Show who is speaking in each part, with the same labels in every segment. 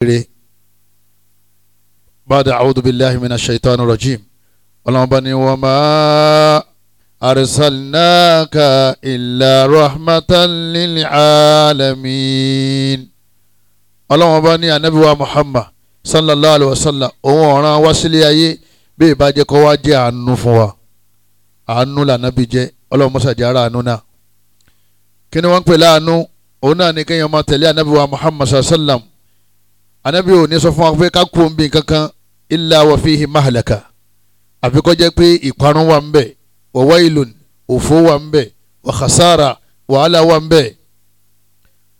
Speaker 1: rere bada awudu bilahi mina shaitan rajim ọlọ́mọba ni wọ́n máa arsalnaka illa rahmatan lil alamin ọlọ́mọba ni anabiwa muhammad sallallahu alayhi wa sallam òun ọ̀ràn wá sílé ayé bí ìbàjẹ́ kọ́ wá jẹ́ àánú fún wa àánú lànàbí jẹ́ ọlọ́mọsàjà ara àánú náà kí ni wọ́n ń pè láàánú òun náà ni kéèyàn máa tẹ̀lé anabiwa muhammad sallallahu alayhi wa sallam anabi ò ní sọ fún wa pé ká kú omi kankan illa wa fihi mahlaka àfi kó jẹ́ pé ìparun wà ń bẹ wa wailun òfò wà ń bẹ wa khasara wàhálà wà ń bẹ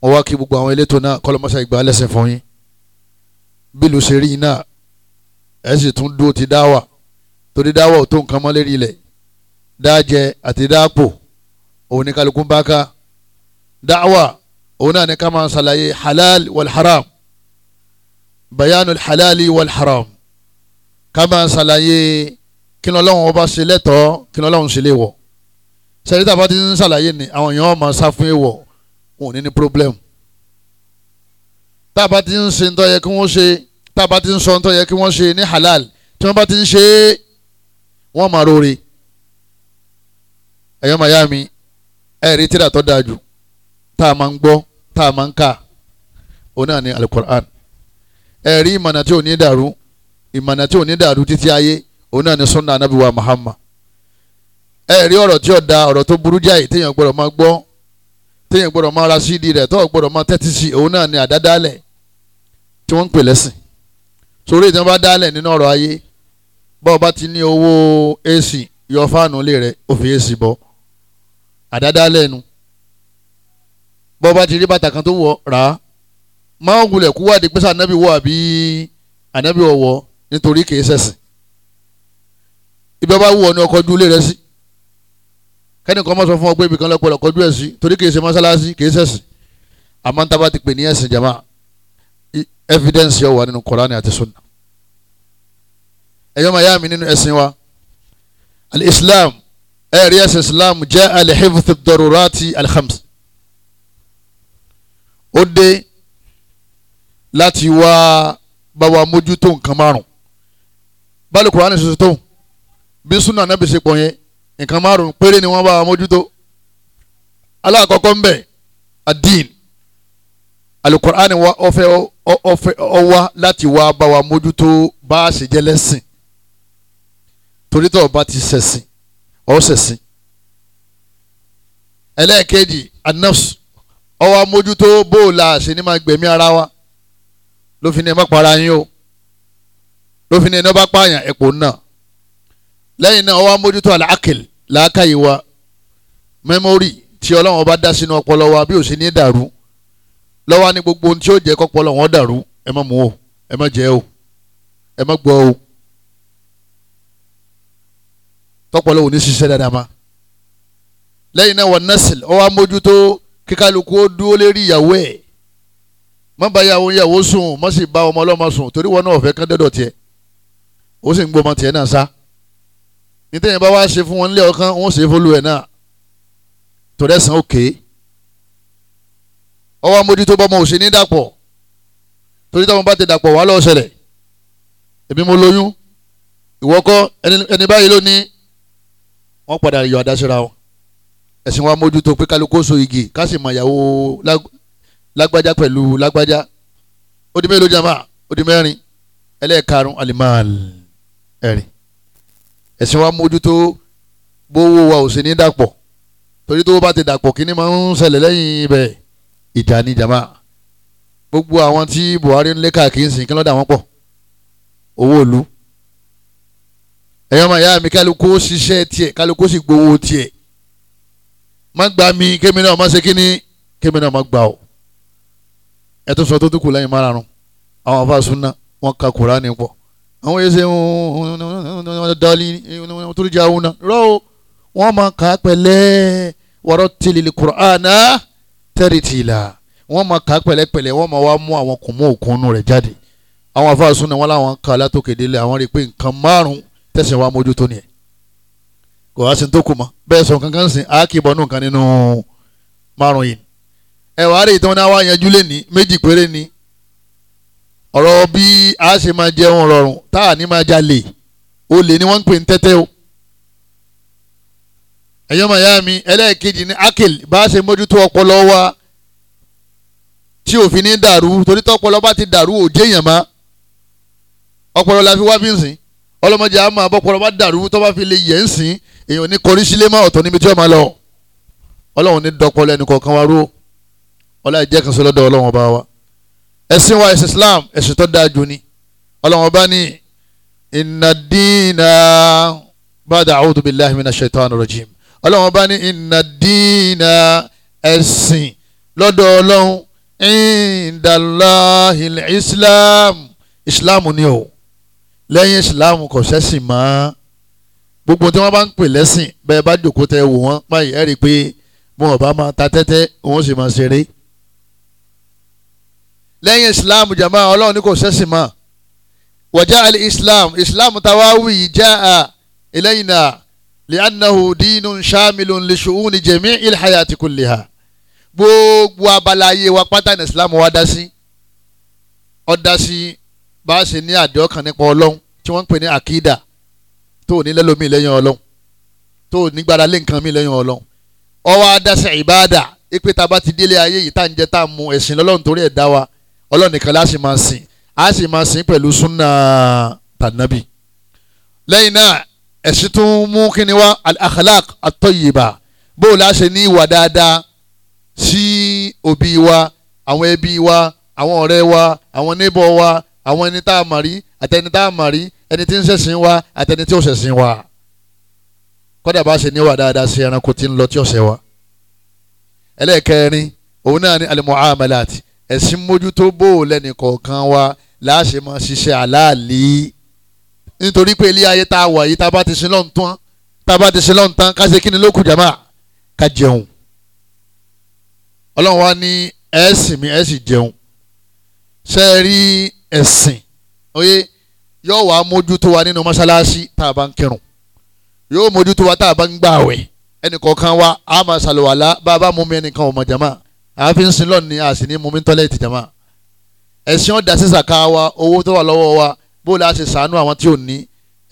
Speaker 1: wọ́n wá kí gbogbo àwọn elétò náà kọ́lọ́mọ́sá ìgbà lẹ́sẹ̀ fún yín bí ló ṣe yín náà ẹ̀ sì tún dúró ti dáwà torí dáwà ò tó nǹkan mọ́ lérí ilẹ̀ dájẹ àti dáàpò òun ní kálukú bá ká dáwà òun náà ní ká máa ṣàlàyé halal wal haram bayanu halali wal haram ká máa ṣàlàyé kí lọ́lọ́run ọba ṣe lẹ́tọ̀ọ́ kí lọ́lọ́run ṣe léwọ̀ sẹ́yìn tàbá ti ń ṣàlàyé ni àwọn èèyàn máa sá fún èèwọ̀ wọn ò ní ní problem tàbá ti ń ṣe ntọ́ yẹ kí wọ́n ṣe tàbá ti ń sọ ntọ́ yẹ kí wọ́n ṣe ní halal tí wọ́n bá ti ń ṣe é wọ́n máa rore ẹ̀yọ́ màyá mi ẹ̀rí tíra tó dáa jù tá a máa ń gbọ́ tá a máa ń kà òun náà ni alukur'an ẹ̀rí ìmọ̀nà tí ò ní dàrú ìmọ̀nà tí ò ní dàrú títí ayé òun náà ni sunna anabi wa muhammad ẹ̀rí ọ̀rọ̀ tí da ọ̀rọ̀ tó burú jáì téèyàn gbọ́dọ̀ máa gbọ́ téèyàn gbọ́dọ̀ máa ra sídi rẹ̀ tó gbọ́dọ̀ máa tẹ́tí sí òun náà ni àdádálẹ̀ tí wọ́n ń pè lẹ́sìn sórí ìtàn bá dálẹ̀ nínú ọ̀rọ̀ ayé bọ́ọ̀ bá ti ní owó ac yọ fáànù ilé rẹ o fi ac bọ́ àdádálẹ̀ nu bọ́ọ̀ bá ti rí kan tó wọ̀ rà á máa ń wulẹ̀ kó wádìí pé sá wọ àbí ànábì ọ̀wọ́ nítorí kìí ṣẹ̀sìn ibi ọba wù ọ ní ọkọ ojú ilé rẹ sí kẹ́nìkan mọ̀ sọ fún ọ pé ibìkan lọ́pọ̀ lọ́kọ́ ojú ẹ̀ sí torí kìí ṣe mọ́ṣáláṣí kìí ṣẹ̀sìn àmọ́ níta bá ti pè ní ẹ̀sìn jama evidence yóò wà nínú Kùránì àti sunna ẹ̀yọ́ màá yá mi nínú ẹ̀sìn wa al-Islam ẹ̀rí ẹ̀sìn Islam jẹ́ al-hifth ad ó dé láti wá bá wa mójútó nǹkan márùn bálẹ̀ kùránì ṣoṣo tó bí súnà náà bí ṣe pọ̀ yẹn nǹkan márùn péré ni wọ́n bá wa mójútó alákọ̀ọ́kọ́ ńbẹ adin alukur'ani wa ọfẹ ọfẹ ọwa láti wá bá wa mójútó bá a ṣe jẹ́ lẹ́sìn torítọ̀ bá ti ṣẹ̀sìn ọ̀ ṣẹ̀sìn ẹlẹ́ẹ̀kejì anafs ọwa mójútó bóòlà ṣe ni máa gbẹ̀mí ara wa ló fi ní ẹ má para yín o ló fi ní ẹ ní ọba pààyàn ẹ̀pọ̀ náà lẹ́yìn náà ọwọ́ amójútó àlàákìl làákàyè wa mẹ́mórì tí ọlọ́run ọba dá sínú ọpọlọ wa bí ò sí ní dàrú lọ́wọ́ ní gbogbo ohun tí ó jẹ́ kọ́pọlọ wọn dàrú ẹ má mú o ẹ má jẹ o ẹ má gbọ́ o tọpọlọ òní ṣiṣẹ́ dáadáa ma lẹ́yìn náà wọ́n nẹ́sìl ọwọ́ amójútó kíkálukú ó dúró lérí ìyàwó ẹ̀ má bá yàwó yàwó sùn má sì bá ọmọ ọlọ́mọ sùn torí wọn náà ọ̀fẹ́ kán dẹ́dọ̀ tiẹ̀ ó sì ń gbọmọ tiẹ̀ náà sá nítẹ̀yìn bá wá ṣe fún wọn nílé ọkàn wọn ṣe fọlù ẹ̀ náà tọ́lẹ́sàn òkè ọwọ́ amójútó bọ́mọ òsì ní dàpọ̀ torí táwọn bá ti dàpọ̀ wá lọ́ọ́ èmi mo lóyún ìwọ ẹni báyìí ló ní padà yọ àdáṣe ra wọn ẹ̀sìn wa mójútó pé kálukó so igi ká sì mọ ìyàwó lágbájá pẹ̀lú lágbájá ó di mélòó jama ó di mẹ́rin ẹlẹ́ẹ̀karùn alimaal ẹ̀rìn ẹ̀sìn wa mójútó bówó wa ò sì ní dàpọ̀ torí tó bá ti dàpọ̀ kíní máa ń ṣẹlẹ̀ lẹ́yìn ibẹ̀ ìjà ni jama gbogbo àwọn tí Buhari ń lé káàkiri ń sìn kí lọ́dà wọn pọ̀ owó òlu ẹ̀yọ́ máa yá mi kálukú ṣiṣẹ́ tiẹ̀ kálukú sì gbowó tiẹ̀ má gbà mí kémi náà má ṣe kíní kémi náà má gbà ọ́ ẹ tó sọ tó dúkù lẹ́yìn márùn-ún àwọn afa sunna wọn ka kuraani pọ̀ àwọn ẹsẹ̀ dali turuja una rọ́ọ̀ wọ́n máa kà á pẹ̀lẹ́ wọ́rọ́ tìlìlì kuraana tẹ́rìtìlà wọ́n máa kà á pẹ̀lẹ́pẹ̀lẹ́ wọ́n máa wá mú àwọn kùnmọ́ òkunnu rẹ̀ jáde àwọn afa sunna wọn làwọn kà á látòkè délé àwọn rí i pé nǹkan márùn-ún tẹ̀sán wa mójútó nìyẹn kò wá sí tó kù mọ́ bẹ́ẹ̀ sọ kankan sìn á kì í bọ́ nù kan nínú márùn-ún yìí ẹ wàá rèé tí wọ́n náà wá yanjú lé ní méjì péré ni ọ̀rọ̀ bí a ṣe máa jẹun rọrùn tá a ní máa jalè olè ni wọ́n ń pè ní tẹ́tẹ́ o ẹ̀yọ́ màyá mi ẹlẹ́ẹ̀kejì ní akil bá a ṣe mójútó ọpọlọ wa tí òfin ní dàrú torí tọpọlọ bá ti dàrú òjé èèyàn má ọpọlọ la fi wá bí ń sìn ọlọmọdé a máa bọpọlọ bá dàrú tó bá fi lè yẹ ń sìn èèyàn ní kọrí sílé má ọ̀tọ̀ níbi tí wọ́n ọlọ́run jẹ́ kan sọlọ́dọ̀ ọlọ́run ọba wa ẹ̀sìn wa ẹ̀sìn islam ẹ̀sìn tó dáa jù ni ọlọ́run ọba ní ìnàdínà bàdà a'udhu billahi minash shaitani rajim ọlọ́run ọba ní ìnàdínà ẹ̀sìn lọ́dọ̀ ọlọ́run indalahil islam islam ni o lẹ́yìn islam kò sẹ́sìn mọ́ gbogbo tí wọ́n bá ń pè lẹ́sìn bẹ́ẹ̀ bá jòkó tẹ wò wọ́n báyìí ẹ̀ pé wọn ò máa ta tẹ́tẹ́ wọn sì máa ṣeré lẹ́yìn islam jama ọlọ́run ní kò sẹ́sìn mọ́ wọ́jà àlè islam islam táwa wì í já a eléyìí náà li'annahu dinun shamilun li shu'uni jami'il hayati kulliha gbogbo abala ayé wa pátá ní islam wa dá sí ọ dá sí bá a ṣe ní àdéhùn kan nípa ọlọ́run tí wọ́n ń pè ní akida tó ní lẹ́lòmíì lẹ́yìn ọlọ́run tó nígbàdá lé nǹkan míì lẹ́yìn ọlọ́run ọwọ́ adásẹ̀ ìbáàdà ipe tá bá ti délé ayé yìí tá à ń jẹ tá à ń mu ẹ̀sìn lọ́lọ́run torí ẹ̀ dá wa ọlọ́run nìkan láti máa sìn á sì máa sìn pẹ̀lú súnà tànàbì lẹ́yìn náà ẹ̀sìn tún mú kíni wá al-akhlaq at-tayyiba bóò láṣẹ ní ìwà dáadáa sí òbí wa àwọn ẹbí wa àwọn ọ̀rẹ́ wa àwọn níbọ̀ wa àwọn ẹni tá a mà rí àtẹni tá a mà rí ẹni tí ń ṣẹ̀sìn wa àtẹni tí ò ṣẹ̀sìn wa kọ́dà bá ṣe ní ìwà dáadáa sí ẹranko tí ń lọ tí ọ̀sẹ̀ wa ẹlẹ́ẹ̀kẹrin òun náà ní al-muamalat ẹ̀sìn mójútó bò lẹ́nì kọ̀ọ̀kan wa láàṣẹ mọ́ ṣiṣẹ́ aláàlí nítorí pé ilé ayé tá a wà yìí tá a bá ti sin lọ́n tán tá a bá ti sin lọ́n ká ṣe kí ni ló kù ká jẹun ọlọ́run wa ní ẹ̀sìn mi ẹ̀sìn jẹun ṣe é rí ẹ̀sìn oyè yóò wá mójútó wa nínú mọ́ṣáláṣí tá a bá ń kírun yóò mójútó wa tá a bá ń gbààwẹ̀ ẹnì kọ̀ọ̀kan wa a máa ṣàlùwàlá bá a bá mú mi ẹnìkan ò mọ̀ jàmá àfi ń sin lọ́ọ̀ ni a sì ní mumi tọ́lẹ̀tì jama ẹ̀sìn ọ̀dà sí sàká wa owó tó wà lọ́wọ́ wa bó la ṣe sàánú àwọn tí ò ní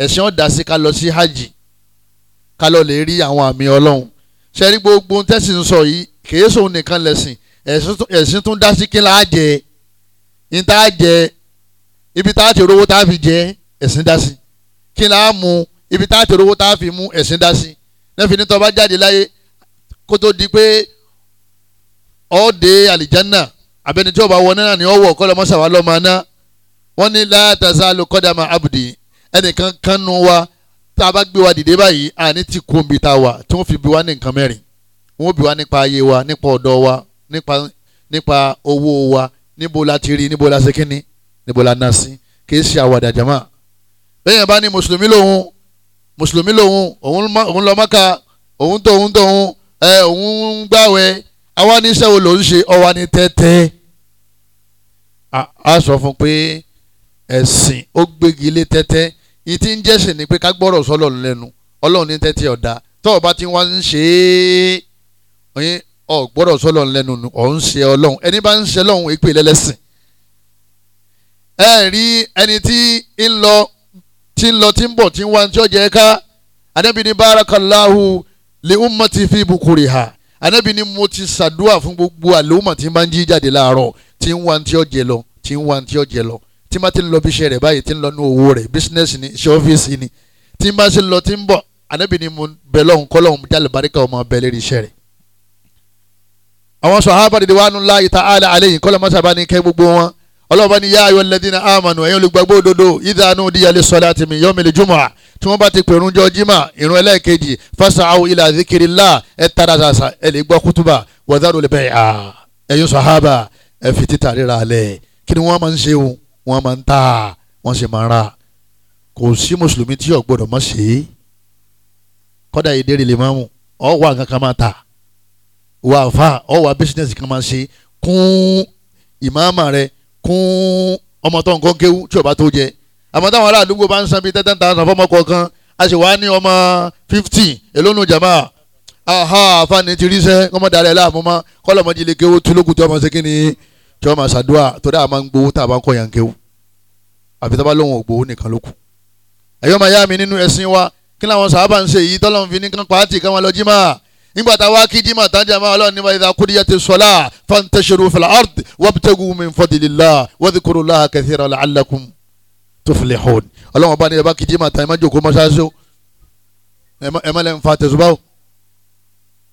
Speaker 1: ẹ̀sìn ọ̀dà sí ká lọ sí hajj ká lọ lè rí àwọn àmì ọlọ́run ṣe rí gbogbo tẹ́sí ń sọ yìí kìí nìkan lẹ̀sìn ẹ̀sìn tún dá sí kí la jẹ ní tá a jẹ ibi tá a ti rówó tá a fi jẹ ẹ̀sìn dá sí kí la mu ibi tá a ti rówó tá a fi mu ẹ̀sìn dá sí lẹ́fìn ní tó ọ́ dé alijanna abẹni tí o bá wọ náà ni ọ wọ kọlọ mọ́sàwá lọ́mọ aná wọ́n ní látàzá ló kọ́dà máa abùdí ẹnìkan kánú wa tá a bá gbé wa dìde báyìí àní ti kó nbí ta wa tí wọ́n fi bí wa ní nǹkan mẹ́rin wọ́n bí wa nípa ayé wa nípa ọ̀dọ́ wa nípa nípa owó wa níbo la ti rí níbo la ṣe kíni níbo la ná sí kìí ṣe àwàdà jama bẹ́ẹ̀ bá ní mùsùlùmí lòun mùsùlùmí lòun òun lọ òun tó òun tó òun ẹ òun gbàwẹ̀ àwa ní iṣẹ́ wo ló ń ṣe ọwa ní tẹ́tẹ́ a sọ fún pé ẹ̀sìn ó gbégi lé tẹ́tẹ́ yìí ti ń jẹ́sìn ni pé ká gbọ́rọ̀ sọ́lọ́run lẹ́nu ọlọ́run ní tẹ́tẹ́ ọ̀dà tọ́wọ́ bá ti wá ń ṣe é ọyìn ọ gbọ́dọ̀ sọ́lọ́run lẹ́nu ọ̀ ń ṣe ọlọ́run ẹni bá ń ṣe ọlọ́run èpè lẹ́lẹ́sìn ẹ rí ẹni tí ń lọ tí ń lọ tí ń bọ̀ tí ń wá tí ó jẹ́ ká anábìíní barakallahu li ummati fi bukuriha anabi ni mo ti ṣàdúrà fún gbogbo àlòmọ̀ tí n bá ń jí jáde láàárọ̀ tí ń wá ti ọ̀jẹ̀ lọ tí ń wá ti ọ̀jẹ̀ lọ tí má ti ń lọ bí iṣẹ́ rẹ̀ báyìí tí ń lọ ní owó rẹ̀ bísínẹ́sì ni iṣẹ́ ọ́fíìsì ni tí má ti ń lọ tí ń bọ̀ anabi ni mo bẹ̀ lọ́hùn kọ́ lọ́hùn jálè baríkà ọmọ bẹ̀ lérí iṣẹ́ rẹ̀. àwọn sàhábà dìde wàánu láàyè tá àlẹ́ àlẹ́ yìí kọ́lọ́ mọ́sàbá ni kẹ́ gbogbo wọn ọlọ́ọ̀bá ni yá ayọ̀ lẹ́dínà àmánù ẹ̀yin olùgbàgbọ́ òdodo ìdáná òdìyàlẹ̀ sọ́lá tìmí yọ́mìlì jùmọ̀ tí wọ́n bá ti pèrún jọ jimá ìrún ẹlẹ́ẹ̀kejì fasa'u ila dhikrillah ẹ tara ṣàṣà ẹ lè gbọ́ kútùbà wadaru al-bay'a ẹ̀yin sàhábà ẹ fi títà ríra alẹ́ kí ni wọ́n máa ń ṣe o wọ́n máa ń ta wọ́n sì máa ń ra kò sí mùsùlùmí tí yóò gbọ́dọ̀ mọ̀ ṣe é kọ́dà yìí dérè lè máa mú ọ wà nǹkan kan máa ta wà fà ọ wà bísíǹnẹ̀sì kan máa ṣe kún ìmáàmà rẹ kún ọmọ tó nǹkan kéwú tí o bá tó jẹ àmọ́ táwọn ará àdúgbò bá ń san bíi ten thousand fọ́mọ kọ̀ọ̀kan a sì wá ní ọmọ fifty èlónú jama aha àfààní ti rí sẹ́ kọ́mọ darẹ̀ láàmú mọ́ kọ́lọ́mọdé ilé kéwú tí olókùn tí ọmọ ṣe kíni tí ọmọ ṣàdúrà torí àwọn máa ń gbowó tá a bá ń kọ̀yàn kéwú àfi tó bá lóun ò gbowó nìkan lókù. ẹ̀yọ́ máa yá mi nínú ẹ̀sìn wa kí làwọn sábà ń ṣe yìí tọ́lọ́mù fi ní kan jimá nígbà tá a wá kí jimá tá a jàmá ọlọ́run níwájú idha qudiyatis salah fantashiru fil ard wabtagu min fadlillah wadhkurullaha tuflihun ọlọ́run ọba ni ẹ bá kìjì máa ta ẹ má jókòó mọ́ṣáláṣí o ẹ má lẹ́nu fa tẹ̀sùbá o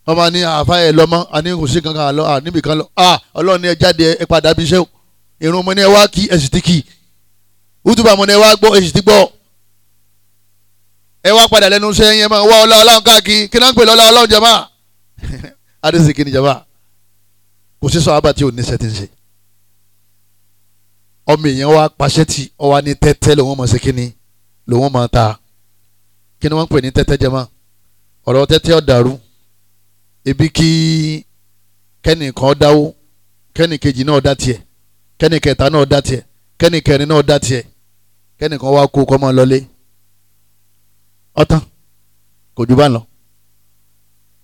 Speaker 1: wọ́n máa ní àáfà ẹ̀ lọ́mọ́ àní kò sí kankan àlọ́ àníbì kan lọ à ah, ọlọ́run ni ẹ jáde ẹ padà bí iṣẹ́ o irun mo ní ẹ wá kí ẹ sì ti kì í útùbà mo ní ẹ wá gbọ́ ẹ ti gbọ́ ẹ wá padà lẹ́nu iṣẹ́ yẹn máa wá ọlá ọlọ́run káàkiri kí náà ń pè lọ́la ọlọ́run jàmáà ọmọ èèyàn wa paṣẹ ti ọwa ní tẹ́tẹ́ lòun máa ṣe kíni lòun máa ta kíni wọ́n ń pè ní tẹ́tẹ́ jẹmọ́ ọ̀rọ̀ tẹ́tẹ́ ọ̀dàrú ebi kí kẹ́nìkan dáwó kẹ́nìkejì náà dá tiẹ̀ kẹ́nìkẹta náà dá tiẹ̀ kẹ́nìkẹrin náà dá tiẹ̀ kẹ́nìkan wá kó kọ́ máa lọlé ọ̀tán kò jù bá lọ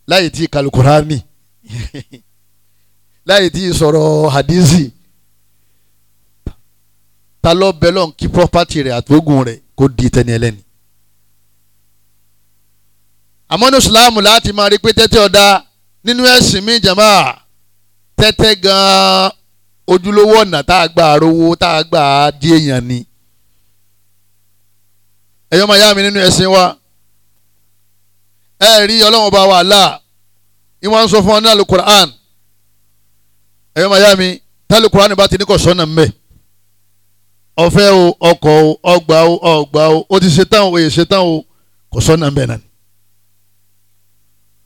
Speaker 1: láyé tí kalukura mi láyé tí sọ̀rọ̀ hadizi ta ló bẹ lọ́n kí property rẹ̀ àtògùn rẹ̀ kó di tẹni ẹlẹ́ni. àmọ́ ní Islam láti máa rí pé tẹ́tẹ́ ọ̀dà nínú ẹ̀sìn mi jàmá tẹ́tẹ́ gan-an ojúlówó ọ̀nà tá a gbà rówó tá a gbà di èèyàn ni. ẹ̀yọ́ máa yá mi nínú ẹ̀sìn wa ẹ rí ọlọ́run bá wà láà ìwọ́n ń sọ fún ọ ní alukur'an ẹ̀yọ́ máa yá mi tá bá ti ní kò sọ́nà mbẹ́ ọ̀fẹ́ o ọkọ̀ o ọgbà o ọgbà o ó ti ṣetán o òye ṣetán o kò sọ́nà ń bẹ̀ náà.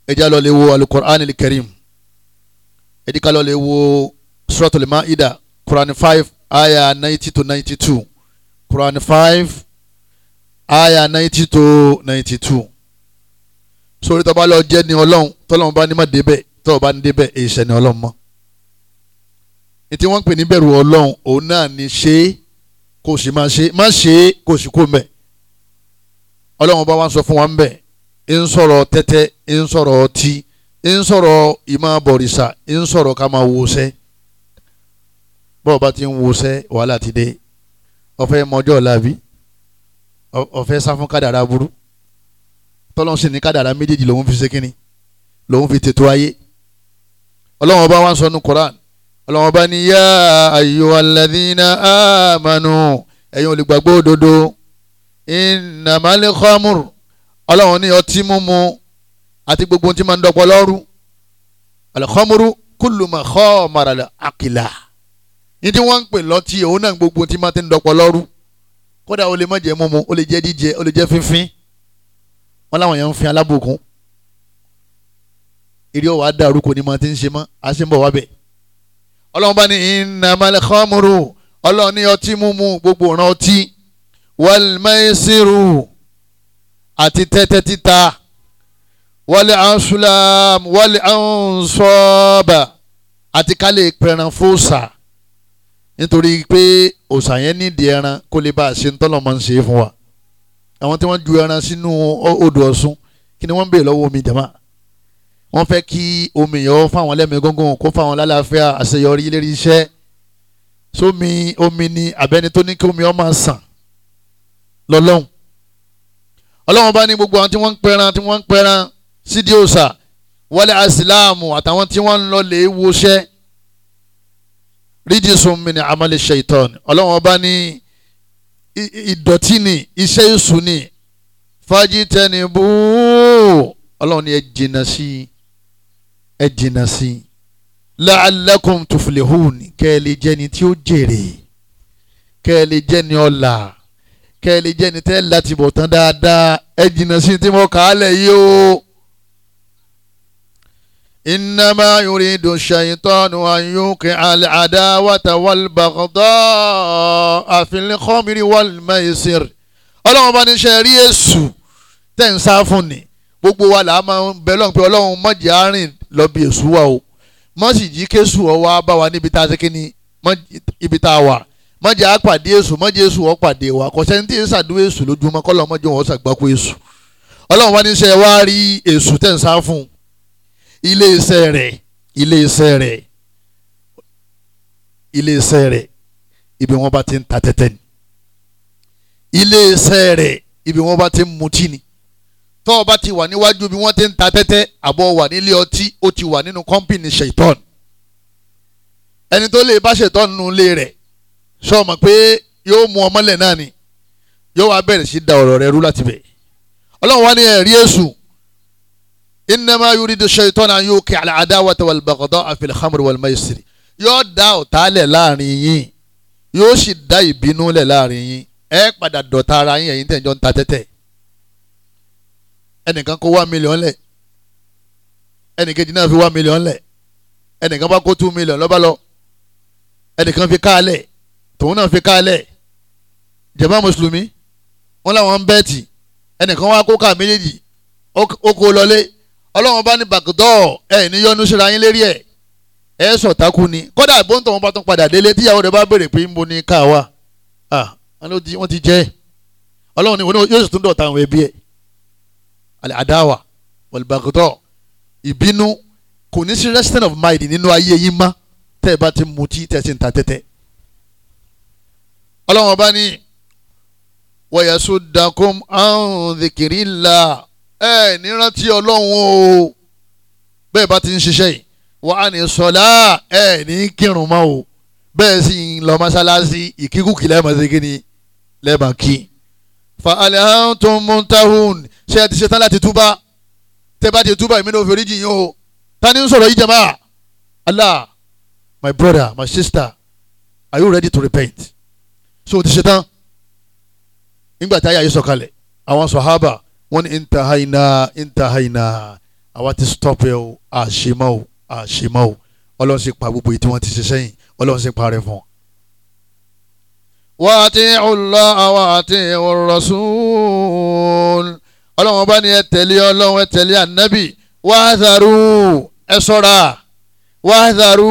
Speaker 1: ẹ jẹ́ àlọ́lẹ̀ wo alukur'an al-karim ẹ jẹ́ àlọ́lẹ̀ wo suratul ma'ida quran five aya ninety to ninety two quran five aya ninety to ninety two sórí tó bá lọ jẹ́ ni ọlọ́run tọ́lọ́run bá ní má débẹ̀ tọ́lọ́run bá ní débẹ̀ èyí ṣẹ́ ni ọlọ́run mọ́ ètí wọ́n pè ní bẹ̀rù ọlọ́run òun náà ní ṣe é kò sì máa ṣe má ṣe é kò sì kó mbẹ ọlọ́run bá wa sọ fún wa mbẹ ń sọ̀rọ̀ tẹ́tẹ́ ń sọ̀rọ̀ ọtí ń sọ̀rọ̀ ìmọ̀-bọ̀rìṣà ń sọ̀rọ̀ ká máa wọṣẹ́ bọ́ọ̀ bá ti ń wọṣẹ́ wàhálà ti dé ọ̀fẹ́ mọ́jọ́ làbí ọ̀fẹ́ sáfún kádàrá burú tọ́lọ́n sì ní kádàrá méjèèjì lòun fi ṣe kínni lòun fi tètò ayé ọlọ́run bá wa sọ nu Koran ọlọ́run bá ní yá ayyuhal ladhina amanu ẹ̀yin olùgbàgbọ́ òdodo innamal khamr ọlọ́run ní ọtí mímu àti gbogbo tí máa ń dọ̀pọ̀ lọ́rù al-khamru kullu ma khamara al-aqila ní tí wọ́n ń pè lọ́tí òun náà gbogbo tí máa ti ń dọ̀pọ̀ lọ́rù kódà o lè má jẹ mímu o lè jẹ jíjẹ o lè jẹ fínfín wọn làwọn yẹn ń fin alábòkun eré ọwọ́ adarú kò ní máa ti ń ṣe mọ́ àṣẹ ń bọ̀ wá bẹ́ẹ̀ ọlọ́run bá ní innamal khamru ọlọ́run ní ọtí mímu gbogbo ìran ọtí wal maisiru àti tẹ́tẹ́ títa wal ansulam wal ansaba àti ká lè pẹran fóòsà nítorí pé òòsà yẹn nídìí ẹran kó lè bá a ṣe ń máa ń ṣe é fún wa àwọn tí wọ́n ju ẹran sínú odò Ọ̀ṣun kí ni wọ́n ń bèè lọ́wọ́ omi jama wọ́n fẹ́ kí omi yẹn fáwọn lẹ́mìí gángan kó fáwọn lálàáfíà àṣeyọrí lérí iṣẹ́ sómi omi ni abẹ́ni tó ní kí omi ọmọ sàn lọ́lọ́hún ọlọ́run bá ní gbogbo àwọn tí wọ́n ń pẹran tí wọ́n ń pẹran sídìí òòṣà wọlé asìláàmù àtàwọn tí wọ́n ń lọ lè wọṣẹ́ rídìsùn mi ní amálẹ̀ ṣèitán ọlọ́run bá ní ìdọ̀tí ni iṣẹ́ èṣù ni fájítẹ́ni bú ọlọ́run ni ẹ jìnnà sí i ẹ jìnnà sí i la'allakum tuflihun kẹ́ ẹ lè jẹ́ni tí ó jèrè kẹ́ ẹ lè jẹ́ni ọ̀la kẹ́ ẹ lè jẹ́ni tẹ́ láti bọ̀ tán dáadáa ẹ sí i tí mo kà á lẹ̀ yìí o. إنما يريد الشيطان أن يوقع العداوة والبغضاء في الخمر والميسر ọlọ́run bá ní ṣe rí èṣù tẹ̀ ń sá fún ni gbogbo wa là máa ń bẹ lọ́n pé ọlọ́run mọ̀jẹ̀ àárín lọ́bi èṣù wa o má sì jí kéṣù ọ wá bá wa níbi tá a ṣe kíni ibi tá a wà má jẹ́ àpàdé èṣù má jẹ́ èṣù ọ pàdé wa kò sẹ́ni tí ń ṣàdúró èṣù lójúmọ́ kọ́ lọ́mọ jẹ́ wọn ṣàgbákò èṣù ọlọ́run wá ní sẹ́ wá rí èṣù tẹ̀ ń sá fún ilé iṣẹ́ rẹ̀ ilé iṣẹ́ rẹ̀ ilé iṣẹ́ rẹ̀ ibi wọn bá ti ń ta tẹ́tẹ́ ni ilé iṣẹ́ rẹ̀ ibi wọn bá ti ń mutí ni tó o bá ti wà níwájú bí wọ́n ti ń ta tẹ́tẹ́ àbọ̀ wà nílé ọtí ó ti wà nínú kọ́ńpìnì ṣèitọ́n ẹni tó lè bá ṣèitọ́n nínú ilé rẹ̀ sọ ma pé yóò mú ọmọlẹ̀ náà ni yóò wá bẹ̀rẹ̀ sí da ọ̀rọ̀ rẹ̀ rú láti bẹ̀ ọlọ́run wá ní ẹ̀rí èṣù innama al-adawata wal-baghdha'a fil wal-maysiri yóò da ọ̀tálẹ̀ láàrin yín yóò sì da ìbínú lẹ̀ láàrin yín ẹ padà dọ̀tá ara ẹnìkan kó one million lẹ̀ ẹnìkejì náà fi one million lẹ̀ ẹnìkan bá kó two million lọ́ba lọ ẹnìkan fi káàlẹ̀ tòun náà fi káàlẹ̀ jàmá mùsùlùmí wọn làwọn ń bẹ́ẹ̀tì ẹnìkan wá kó ká méjèèjì ó kó lọlé ọlọ́run bá ní bàgùdọ́ ẹ̀ ní yọnu síra yín lérí ẹ̀ ẹ̀ sọ̀tákù ni kódà bóńtọ̀ wọn bá tún padà délé tíyàwó rẹ̀ bá béèrè pé ń bo ní káà wà ah wọ́n ti jẹ́ ọlọ́run ni yóò sì tún dọ̀ta àwọn ẹbí ẹ̀ àdáwà wàlúbàgọ́tọ̀ ìbínú kò ní sí resting of mind nínú ayé yín má tẹ́ ẹ bá ti mutí tẹ́ ẹ sì ń ta tẹ́tẹ́ ọlọ́wọ́n bá ní wayasuddakum an dhikrillah ẹ nírántí ọlọ́run o bẹ́ẹ̀ bá ti ń ṣiṣẹ́ yìí wà á ní sọlá ẹ ní kírun mọ́ o bẹ́ẹ̀ sì ń lọ mọ́sálásí ìkíkùkì lẹ́ẹ̀mọ́sí kí ni lẹ́ẹ̀mọ́ kí fa alihamtu muntahun ṣé ẹ ti ṣetán láti túbà tẹ bá ti túbà èmi náà fèrè jìn yín o ta ni ń sọ̀rọ̀ yìí jàmá Allah my brother my sister are you ready to repent so ti ṣetán nígbà tí ayé ayé sọ̀kalẹ̀ àwọn sọ̀hábà wọ́n ní intahaina intahaina àwa ti stop ẹ o àṣemọ́ o àṣemọ́ o ọlọ́run sì pa gbogbo èyí tí wọ́n ti ṣe sẹ́yìn ọlọ́run sì parẹ́ fún wọn wàtíhù Allah wàtíhù Rasul ọlọ́run bá ní ẹ tẹ̀lé ọlọ́run ẹ tẹ̀lé ànábì wàhádàrú ẹ sọ́ra wàhádàrú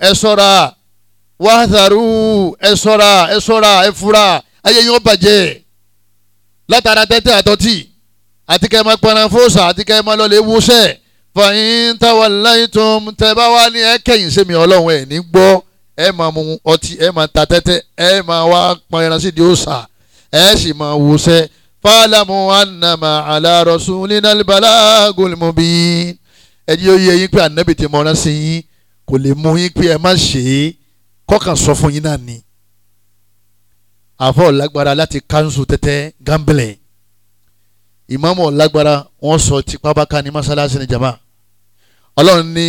Speaker 1: ẹ sọ́ra wàhádàrú ẹ sọ́ra ẹ sọ́ra ẹ fura ayé yóò bàjẹ́ látara tẹ́tẹ́ àtọ́tì àti kẹ́ ẹ máa pẹran fóòsà àti kẹ́ ẹ máa lọ lè wúṣẹ́ ẹ máa mu ọtí ẹ máa ta tẹ́tẹ́ ẹ máa wá pọn ẹran sídìí òòṣà ẹ sì máa wòṣẹ́ fàlámù anamà alárọ̀sùn nínàlìbàlà gòlìmọ̀bí ẹni yóò yẹ yín pé ànábì ti mọ̀ ọ́n sí yín kò lè mú yín pé ẹ má ṣe é kọ́kàn sọ fún yín náà ni àfọ̀ lágbára láti kánṣu tẹ́tẹ́ gambling ìmáàmù lágbára wọ́n sọ tipábáká ní mọ́sálásí ni jama ọlọ́run ní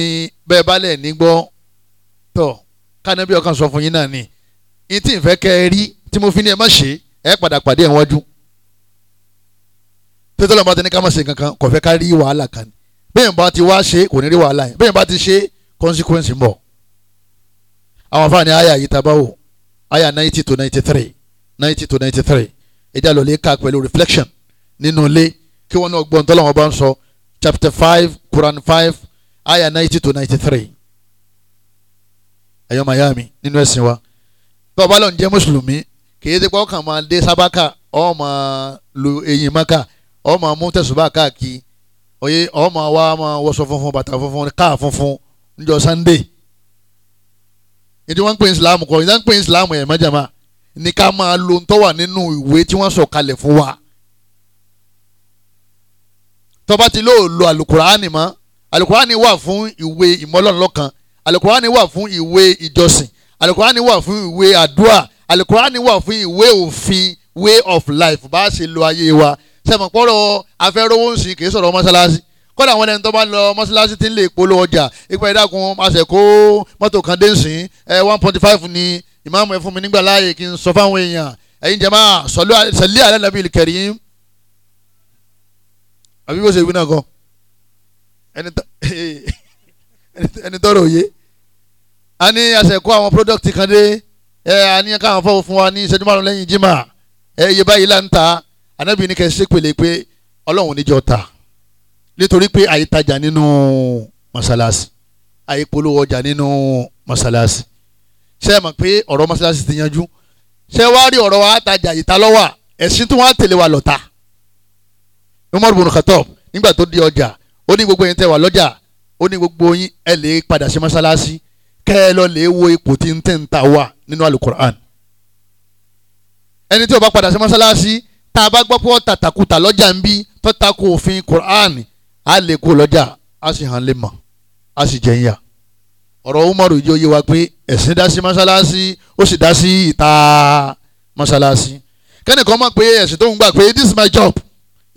Speaker 1: bẹ́ẹ̀ bá lẹ̀ nígbọ́ tọ̀ kánábí ọkàn sọ fún yín náà ni yín tí ń fẹ́ kẹ́ ẹ rí tí mo fi ní ẹ má ṣe ẹ padà pàdé ẹ̀ wájú tètè lọ́mọ àti ní ká má ṣe kankan kò fẹ́ ká rí wàhálà kan ni bẹ́ẹ̀ bá ti wá ṣe kò ní rí wàhálà yẹn bẹ́ẹ̀ bá ti ṣe consequence ń bọ̀ àwọn afáàní àyà yìí ta báwo àyà ninety to ninety three ninety to ninety three ẹ̀dá lọ́lẹ́ ká pẹ̀lú reflection nínú ilé kí wọ́n náà gbọ́ ntọ́lọ́wọ́n bá ń sọ chapter five Quran five àyà ninety to ninety three ẹ̀yọ́ Miami, mi nínú ẹ̀sìn wa tó o bá lọ́n jẹ́ mùsùlùmí kìí ti pọ́ kàn máa dé sábàkà ọ máa lu eyín maka ọ máa mú tẹ̀sùbà káàkiri oye ọ máa wá máa wọṣọ funfun bàtà funfun káà funfun níjọ sannde ètò wọn ń pè islam kọ ìdá ń pè islam ẹ̀ mọ́jàmá ní ká máa lo ń tọ́ wà nínú ìwé tí wọ́n sọ kalẹ̀ fún wa tó ti lóò lo alukurani mọ́ alukurani wà fún ìwé ìmọ̀lọ́nlọ́kan alukurani wà fún ìwé ìjọsìn alukurani wà fún ìwé àdúrà alukurani wà fún ìwé òfin way of life bá a ṣe lo ayé wa sẹ́mọ̀pọ̀rọ̀ afẹ́rọ́wó ń sìn kì í sọ̀rọ̀ mọ́ṣáláṣí kọ́dà àwọn ẹni tó bá lọ mọ́ṣáláṣí tí ń lè polówó ọjà ipa ìdákun àṣẹ kó mọ́tò kan dé sìn ẹ one point five ni ìmáàmù ẹ fún mi nígbà láàyè kí n sọ fáwọn èèyàn ẹ̀yin jẹ́ máa sọ̀lẹ́ àlẹ́ nàbí ìkẹrì yín àbí bó ṣe wí náà kọ́ ẹni tọ́rọ̀ òye a ní àṣẹkọ àwọn product kan dé ẹ a ní káwọn fọwọ́ fún wa ní ìṣẹ́jú márùn lẹ́yìn jimá ẹ iye báyìí là ń ta anábì ní kẹsí pèlè pé ọlọ́run níjọ ta nítorí pé àyítajà nínú mọ́sálásí àyípolówó ọjà nínú mọ́sálásí ṣe é mọ̀ pé ọ̀rọ̀ mọ́sálásí ti yanjú ṣe wá rí ọ̀rọ̀ wa àtajà ìtalọ́wà ẹ̀sìn tí wọ́n á tẹ̀lé wa lọ́ta Umar bin Khattab nígbà tó di ọjà ó ní gbogbo yín tẹ́ wà lọ́jà ó ní gbogbo yín ẹ lè padà sí mọ́sálásí kẹ́ ẹ lọ lè wo ipò tí ń tẹ̀ ń ta wà nínú alukur'an ẹni tí ó bá padà sí mọ́sálásí tá a bá gbọ́ pé ọ̀tà takuta lọ́jà ń bí tọ́ta kò òfin kur'an á lè kó lọ́jà á sì hàn lè mọ̀ á sì jẹ́ ń ọ̀rọ̀ umaru ìjọ yé wa pé ẹ̀sìn dá sí mọ́sálásí ó sì dá sí ìta mọ́sálásí kẹ́nìkan mọ̀ pé ẹ̀sìn tó ń gbà pé this is my job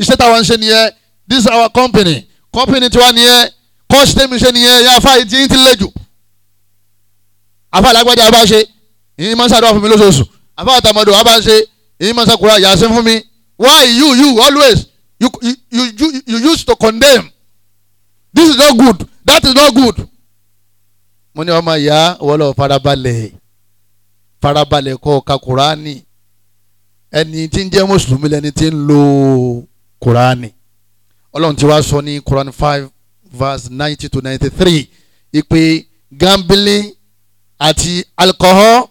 Speaker 1: iṣẹ́ táwa ń ṣe nìyẹn this is our company company tiwa nìyẹn kọ́ọ̀sì tẹ́mi ṣe nìyẹn yàfa ìdí ń tilẹ̀ jù àfa alágbájá bá ṣe ìyín máa ń ṣàdúrà fún mi lóṣooṣù àfa àtàmọ̀dò wa bá ń ṣe ìyín máa ń ṣàkóra yàsí fún mi why you you always you, you you you used to condemn this is not good that is not good. mo ní ọmọ ìyá wọlé farabalẹ̀ farabalẹ̀ kọ́ ka kuraani ẹni tí ń jẹ́ mùsùlùmí lẹni tí ń lo kuraani ọlọ́run ti wá sọ ní kuraani five verse ninety to ninety three ìpè gambling àti alcohol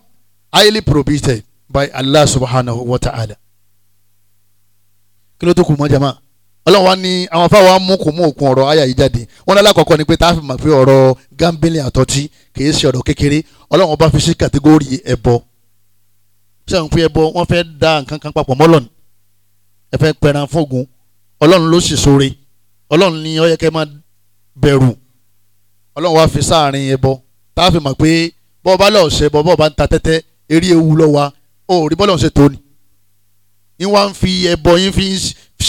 Speaker 1: highly prohibited by allah subhanahu wa ta'ala kí ló tó kù mọ́ jama ọlọ́run wa ní àwọn fáwọn mú kò mú òkun ọ̀rọ̀ àyà yìí wọn ní alákọ̀ọ́kọ́ ni pé tá a fi mọ̀ pé ọ̀rọ̀ gambling àtọ́tí kì í ṣe ọ̀rọ̀ kékeré ọlọ́run bá fi sí kàtégórì ẹ̀bọ sẹ́wọ̀n pé ẹbọ wọ́n fẹ́ da nǹkan kan papọ̀ mọ́lọ́n ẹ fẹ́ pẹran fógun ọlọ́run ló sì sóore ọlọ́run ni ó yẹ kẹ́ máa bẹ̀rù ọlọ́run wá fi sáàrin ẹbọ tá a fi mọ̀ pé bọ́ ọba lọ́ọ̀ ṣe bọ́ ọba ń ta tẹ́tẹ́ eré ewu lọ wa ó rí bọ́lọ̀ ṣe tó ni yín wá ń fi ẹbọ yín fi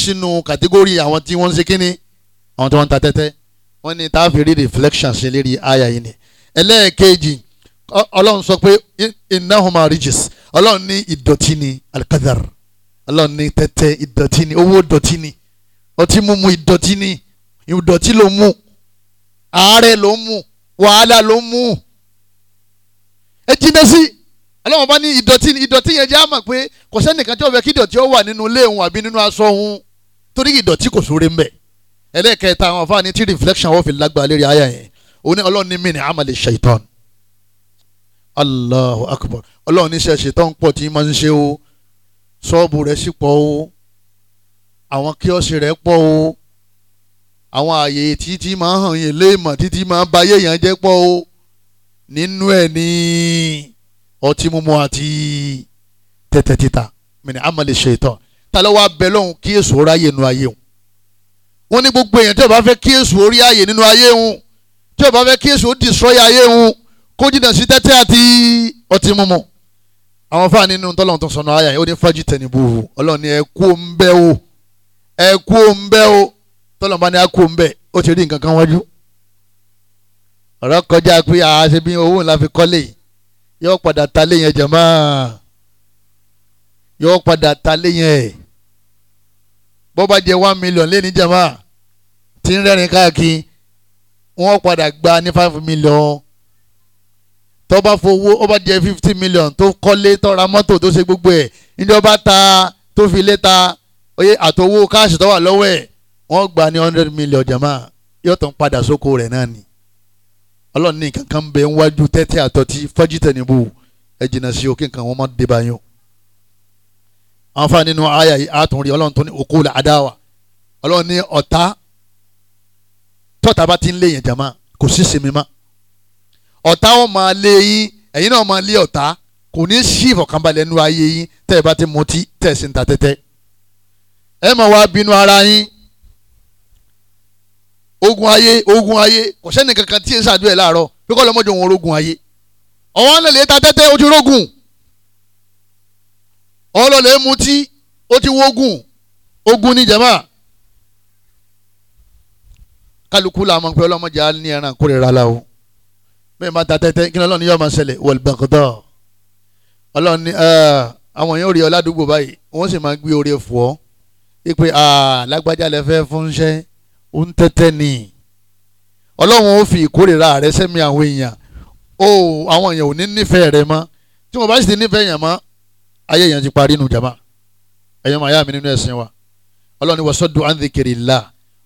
Speaker 1: sínú kàtígórì àwọn tí wọ́n ń ṣe kínní àwọn tí wọ́n ń ta tẹ́tẹ́ wọ́n ní tá a fi rí reflection ṣe lérí àyà yìí ni ẹlẹ́ẹ̀kejì ọlọ́run sọ pé innahuma rijis ọlọ́run ní ìdọ̀tí ni alkadar ọlọ́run ní tẹ́tẹ́ ìdọ̀tí ni owó dọ̀tí ni ọtí mu ìdọ̀tí ni ìdọ̀tí ló mú àárẹ̀ ló mú wàhálà ló mú ẹ jìnnà sí ọlọ́run bá ní ìdọ̀tí ìdọ̀tí yẹn jẹ́ àmọ̀ pé kò sẹ́nìkan tí ó fẹ́ kí ìdọ̀tí ó wà nínú ilé òun àbí nínú aṣọ òun torí ìdọ̀tí kò sóore ń bẹ̀ ẹlẹ́ẹ̀kẹta àwọn afáàní tí reflection wọ́n fi lágbára lérí àyà yẹn òun ní ọlọ́run ní mí ní àmàlẹ̀ ṣèitán Allahu akbar ọlọ́run níṣẹ́ ṣèitán pọ̀ tí máa ń ṣe o ṣọ́ọ̀bù rẹ̀ sì pọ̀ o àwọn kíọ́sì rẹ̀ pọ̀ o àwọn àyè títí máa hàn yín léèmọ̀ títí máa bayé yẹn jẹ́ pọ̀ o nínú ẹ̀ ní ọtí mímu àti tẹ́tẹ́ títa mìíràn amọ̀lẹ̀ ṣètọ́ ta ló wá bẹ lọ́hùn kí èso ráyè nínú ayé òun wọ́n ní gbogbo èèyàn tí ó bá fẹ́ kí èso orí ààyè nínú ayé òun tí ó bá fẹ́ kí èso destroy ayé òun kó jìnnà sí tẹ́tẹ́ àti ọtí mímu àwọn fáà nínú tọ́lọ́hún tó sọnù ayà yìí ó ní fájì tẹ̀nìbù ọlọ́ọ̀ni ẹ kú ń o ẹ kú ń o tọ́lọ́hún bá ní ẹ kú ń ó ti rí nǹkan kan wájú ọ̀rọ̀ kọjá pé àṣẹ bí owó ńlá fi kọ́lé yóò padà ta lé yẹn jẹ̀mọ́ yóò padà ta lé yẹn bó bá jẹ one million lé ní jẹ̀mọ́ tí ń rẹ́rìn káàkiri wọ́n padà gba ní five million tó bá fowó ó bá jẹ fifty million tó kọ́lé tó ra mọ́tò tó ṣe gbogbo ẹ̀ ìjọba ta tó fi lé ta oye àtowó káàṣì tó wà lọ́wọ́ ẹ̀ wọ́n gba ní hundred million jẹ̀mọ́ yóò tún padà sóko rẹ̀ náà ni ọlọ́run ní nǹkan kan bẹ níwájú tẹ́tẹ́ àtọ́tí fọ́jítẹ̀ níbù ẹ jìnnà sí òkè nǹkan wọn má dé bá yín o. àǹfààní nínú àyà yìí àtún rí ọlọ́run tó ní okó la adáwà ọlọ́run ní ọ̀tá tọ́ta bá ti ń lé yẹn jàmá kò sí sinmi má ọ̀tá wọn máa lé yín ẹ̀yin náà máa lé ọ̀tá kò ní sí ìfọ̀kànbalẹ̀ nínú ayé yín tẹ́ ẹ bá ti mutí tẹ̀ sí ń ta tẹ́tẹ́ ẹ máa wá bínú ara yín ogun ayé ogun ayé kò sẹ́ni kankan tí ń ṣàdúrà láàárọ̀ pé kọ́ lọ́mọdé òun rogun ayé ọ̀wọ́n lè lè ta tẹ́tẹ́ ó rogun ọ̀rọ̀ lè mutí ó ti wogun ogun ní jama kálukú la mọ̀ pé ọlọ́mọdé á ní ẹran kórìíra la o bẹ́ẹ̀ máa ta tẹ́tẹ́ kí ni ọlọ́run yóò máa ṣẹlẹ̀ wọ̀lbẹ̀kọ̀tọ̀ ọlọ́run ní eh, àwọn yóò rí ọ ládùúgbò báyìí wọ́n sì máa gbé oore fọ́ ẹ pé ah, lágbájá lẹ fẹ́ fúnṣẹ́ ó ń tẹ́tẹ́ ni ọlọ́run ó fi ìkórìíra rẹ sẹ́mi àwọn èèyàn ó àwọn èèyàn ò ní nífẹ̀ẹ́ rẹ mọ́ tí wọ́n bá sì ti nífẹ̀ẹ́ èèyàn mọ́ ayé èèyàn ti parí nu jàmá ẹ̀yàn màá yá mi nínú ẹ̀sìn wa ọlọ́run ni wasọ́dù andikiri la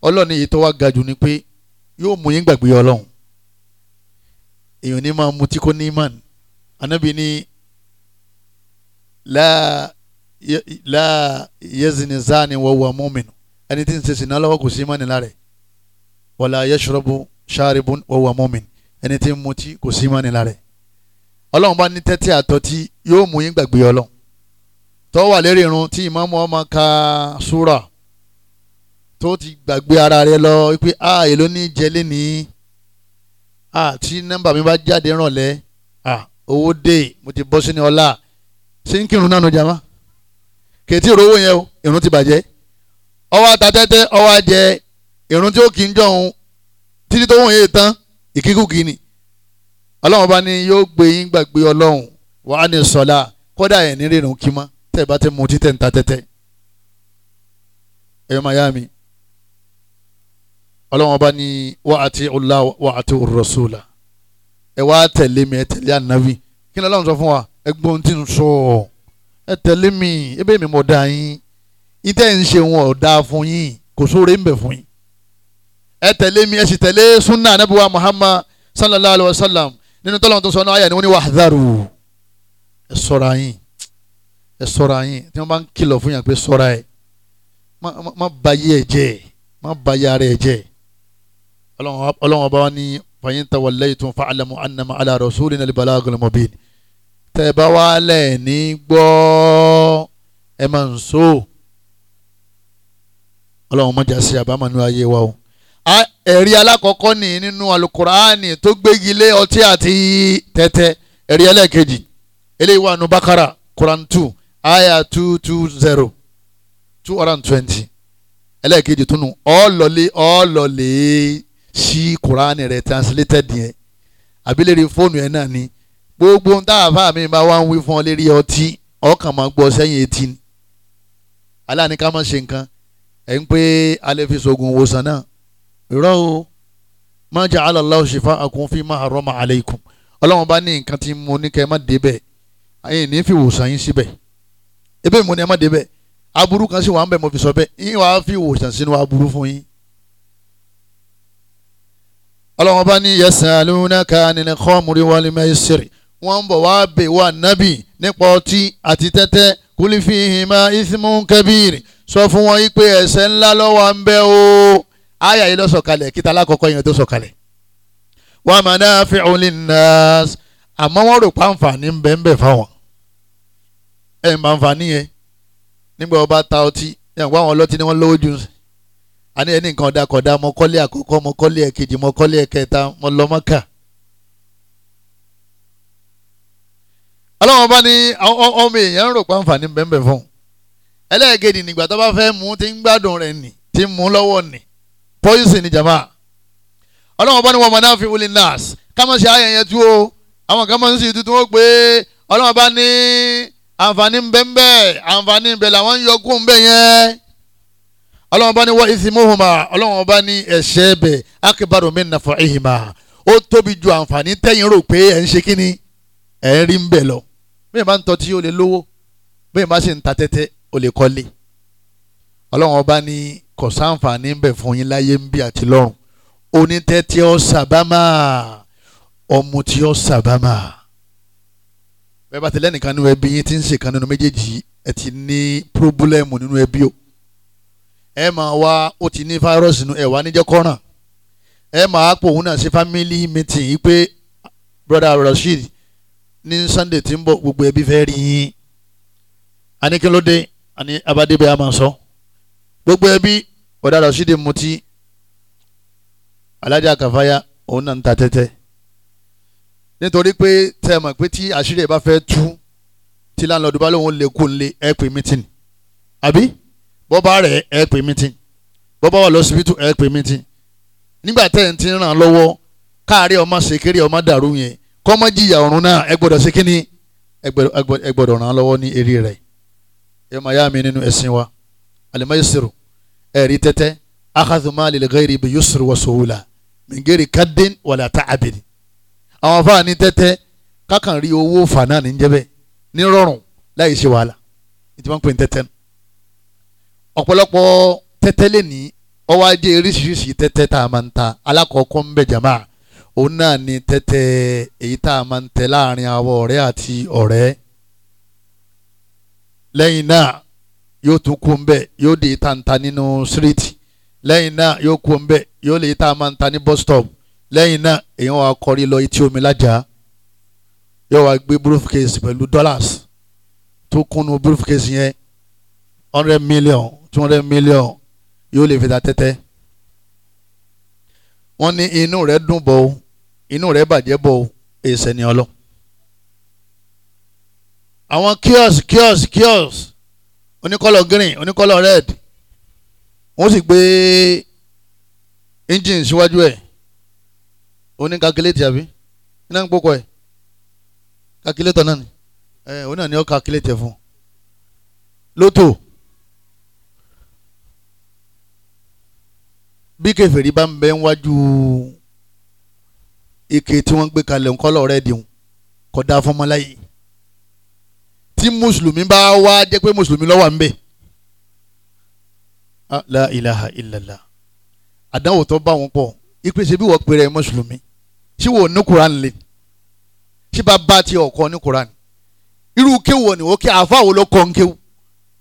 Speaker 1: ọlọ́run ni ìtọ́wá ga jù ni pé yóò mú yín gbàgbé ọlọ́run èèyàn ní máa mutí kó ní imán anábì ní la yezini zani wa huwa mu'min ẹni tí ń ṣe sìnà lọ́wọ́ kò sí mọ́ni lára ẹ̀ wala yashrabu sharibun wa huwa mu'min ẹni tí ń mutí kò sí mọ́ni lára ẹ̀ ọlọ́run bá ní tẹ́tí àtọ́tí yóò mú yín gbàgbé ọlọ́run tó wà lérí irun tí ìmáàmù ọmọ ka súrà tó ti gbàgbé ara rẹ lọ wípé a èló ní jẹlé ní a tí nọ́mbà mi bá jáde rànlẹ́ a owó dé mo ti bọ́ sínú ọlá sí ń kírun náà nu jama kètí ìrówó yẹn o ìrun ti bàjẹ́ ọwọ́ atatẹ́tẹ́ ọwọ́ ajẹ irun tí ó kì í jọ òun títí tó wọ̀n yé tán ìkíkùkì ni ọlọ́run bá ní yóò gbé yín gbàgbé ọlọ́run wà á ní sọ́lá kódà ẹ̀ ní rírun kí mọ́ tẹ́ ẹ bá ti mutí tẹ́ ń ta tẹ́tẹ́ ẹ̀ máa yá mi ọlọ́run bá ní wà á ti ọlá wà á ti rọ̀ṣọ́lá ẹ wá tẹ̀lé mi ẹ tẹ̀lé ànábì kí ni ọlọ́run sọ fún wa ẹ gbọ́n tí ń sọ ẹ tẹ̀lé mi ẹ bẹ́ẹ̀ mi mọ̀ dá yín ìtẹ̀ ń ṣe wọn ò dáa fún yín kò sóore ń bẹ̀ fún yín ẹ tẹ̀lé mi ẹ sì tẹ̀lé sunna anabiwa muhammad sallallahu alayhi wa sallam nínú tọ́lọ́mù tó sọ ọ́nà ayà ni wọ́n ní wàhádàrú ẹ sọ́ra yín ẹ sọ́ra yín tí wọ́n bá ń kìlọ̀ fún yàn pé sọ́ra ẹ má ba yé ẹ jẹ́ má ba yé ara ẹ jẹ́ ọlọ́wọ́n bá wà ní fàyín tàwọn lẹ́yìn tó ń fa alamu anama ala rasuli nàlẹ́ bala agolomobili tẹ̀ bá wà lẹ́ẹ̀ ní gbọ́ ẹ máa ń so ọlọ́run mọ́jà sí àbámanú ayé wa o ẹ̀rí alákọ̀ọ́kọ́ ni nínú alukuraani tó gbégi lé ọtí àti tẹ́tẹ́ ẹ̀rí ẹlẹ́ẹ̀kejì eléyìí wà nù bákàrà quran two aya two two zero two hundred and twenty ẹlẹ́ẹ̀kejì tó nù ọ̀ọ́lọ́lé ọ̀ọ́lọ́lé sí quran rẹ̀ translated yẹn àbílẹ̀rẹ̀ fóònù ẹ̀ náà ni gbogbo ń tá àfa mi máa wá ń wí fún ọ lérí ọtí ọkàn máa gbọ́ sẹ́yìn etí ni aláàní ká má ṣe nǹkan ẹ̀ ń pé alẹ́ fi sògùn wòsàn náà irọ́ o ma ja'ala Allahu shifa'akum fima harrama alaykum ọlọ́run bá ní nǹkan tí mo ní kẹ́ ẹ má débẹ̀ ẹ̀yìn ní fi wòsàn yín síbẹ̀ ebe mo ní ẹ má débẹ̀ aburú kan sì wà ń bẹ̀ mo fi sọ bẹ́ẹ̀ yín wàá fi wòsàn sínú aburú fún yín. ọlọ́run bá ní yas'alunaka 'anil khamri wal maisiri wọ́n ń bọ̀ wá bè wá nábì nípa ọtí àti tẹ́tẹ́ kúlífìhìmá ismun kabiri sọ fún wọn yí pé ẹ̀ṣẹ̀ ńlá lọ́wọ́ ń bẹ o àyà yìí lọ sọ̀kalẹ̀ kíta alákọ̀ọ́kọ́ yẹn tó sọ̀kalẹ̀ wa manafi'u linnas àmọ́ wọ́n rò pa àǹfààní ń bẹ ń bẹ fáwọn ẹ̀ ń bá yẹn nígbà wọ́n bá ta ọtí yẹn wọ́n àwọn ọlọ́tí ni wọ́n lówó jù àní ẹni nǹkan ọ̀dà kọ̀dà mọ àkọ́kọ́ mọ ẹ̀kejì ẹlẹ́ẹ̀kejì nígbà tó bá fẹ́ mú ti ń gbádùn rẹ̀ nì ti ń mú lọ́wọ́ nì pọ́ìsì ni jama ọlọ́run bá ní wọn mọ̀nà fi wuli nas kámọ́ ṣe ayẹyẹ tú o àwọn kan máa ń sì tuntun ó pé ọlọ́run bá ní àǹfààní ń bẹ ń bẹ àǹfààní ń bẹ làwọn ń yọ kún ń bẹ yẹn ọlọ́run bá ní wọ́n ìsìn mọ́hùnmá ọlọ́run bá ní ẹ̀ṣẹ́ bẹ̀ akébàrún mi nàfọ̀ ìhìnmá ó tóbi ju àǹfààní tẹ́yìn rò pé ẹ̀ ń ṣe kíni ẹ̀ ń rí ń bẹ̀ lọ bẹ́ẹ̀ bá ń tọ́ tí ó lè lówó bẹ́ẹ̀ bá ṣe ń ta tẹ́tẹ́ o lè kọ́lé ọlọ́run ọba ní kò sáǹfààní ń bẹ fún yín láyé ń bí àti lọ́run onítẹ́tí ọ sàbámà ọmú tí ọ sàbámà bẹ́ẹ̀ bá tẹ̀lé nìkan nínú ẹbí yín tí ń ṣèkan nínú méjèèjì ẹ ti ní pírọ́bùlẹ́mù nínú ẹbí o ẹ máa wá ó ti ní fáírọ́ọ̀sì nínú ẹ̀wá níjẹ́ ẹ máa pò òun náà sí family meeting yìí pé brother Rasheed ní Sunday tí ń bọ̀ gbogbo ẹbí fẹ́ rí yín a àní abadébẹ̀ a máa sọ gbogbo ẹbí ọ̀dà rasidi mutí alájà kàfáyà òun náà ń ta tẹ́tẹ́ nítorí pé tẹ́ ẹ mọ̀ pé tí àṣírí ẹ̀ bá fẹ́ tú tí láńlọ́ọ̀dù bá lóun lè kó lé ẹ pè mítìn àbí bọ́bá rẹ̀ ẹ pè mítìn bọ́bá wà lọ́sibítù ẹ pè mítìn nígbà tẹ́ ẹ ti ràn án lọ́wọ́ káàárẹ̀ ọmọ ṣèkéré ọmọ dàrú yẹn kọ́mọ́jìyà ọ̀run náà ẹ gbọ́dọ̀ ṣe kínní ẹ gbọ́dọ̀ ràn án lọ́wọ́ ní eré rẹ̀ ẹ máa yá mi nínú ẹ̀sìn wa alimayisiru ẹ̀rí tẹ́tẹ́ akaduma lilgairi bi yusru wa sowula mingeri kadin wala ta'abin àwọn afa ni tẹ́tẹ́ kákan rí owó fàánà ní jẹ́bẹ̀ ní rọrùn láì ṣe wàhálà ìtì máa ń pè ní tẹ́tẹ́ ọ̀pọ̀lọpọ̀ tẹ́tẹ́ lè ní ọwọ́ ajé oríṣiríṣi tẹ́tẹ́ tá a máa ń ta alákọ̀ọ́kọ́ ń bẹ̀ jàmáà òun náà ni tẹ́tẹ́ èyí tá a máa ń tẹ láàrin àwọn ọ̀rẹ́ àti ọ̀rẹ́ lẹ́yìn náà yóò tún kó ń bẹ̀ yóò dé tàǹtà nínú síríìtì lẹ́yìn náà yóò kó ń yóò lè tá máa ń ní bus stop lẹ́yìn náà èèyàn wa kọrí lọ etí omi lájà yóò wá gbé briefcase pẹ̀lú dollars tó kúnnú briefcase yẹn hundred million two hundred million yóò lè fi ta tẹ́tẹ́ wọ́n ní inú rẹ̀ dùn bọ̀ inú rẹ̀ bàjẹ́ bọ̀ èsẹ̀ ni ọlọ́ àwọn kiosk kiosk kiosk oníkọ́lọ̀ green oníkọ́lọ̀ red wọ́n sì gbé engine síwájú ẹ̀ oní calculate àbí iná ń pokọ̀ ẹ̀ calculator náà ni ẹ̀ òun náà ni ó calculate ẹ̀ fún lótò bí kèfèrí bá ń bẹ níwájú ike tí wọ́n gbé kalẹ̀ ńkọ́lọ̀ red kódà fún ọmọláyé tí mùsùlùmí bá wá jẹ́ pé mùsùlùmí ló wà ń bẹ̀. Ah, la ilaha illallah àdánwò tó bá wọn pọ̀ ipe ṣe bí wọ́n pè rẹ̀ mùsùlùmí ṣé wò ní kuran lè ṣé bá bá ti ọ̀kọ́ ní kuran irú kéwò ni wọ́n kí àáfà wo ló kọ́ ń kéwò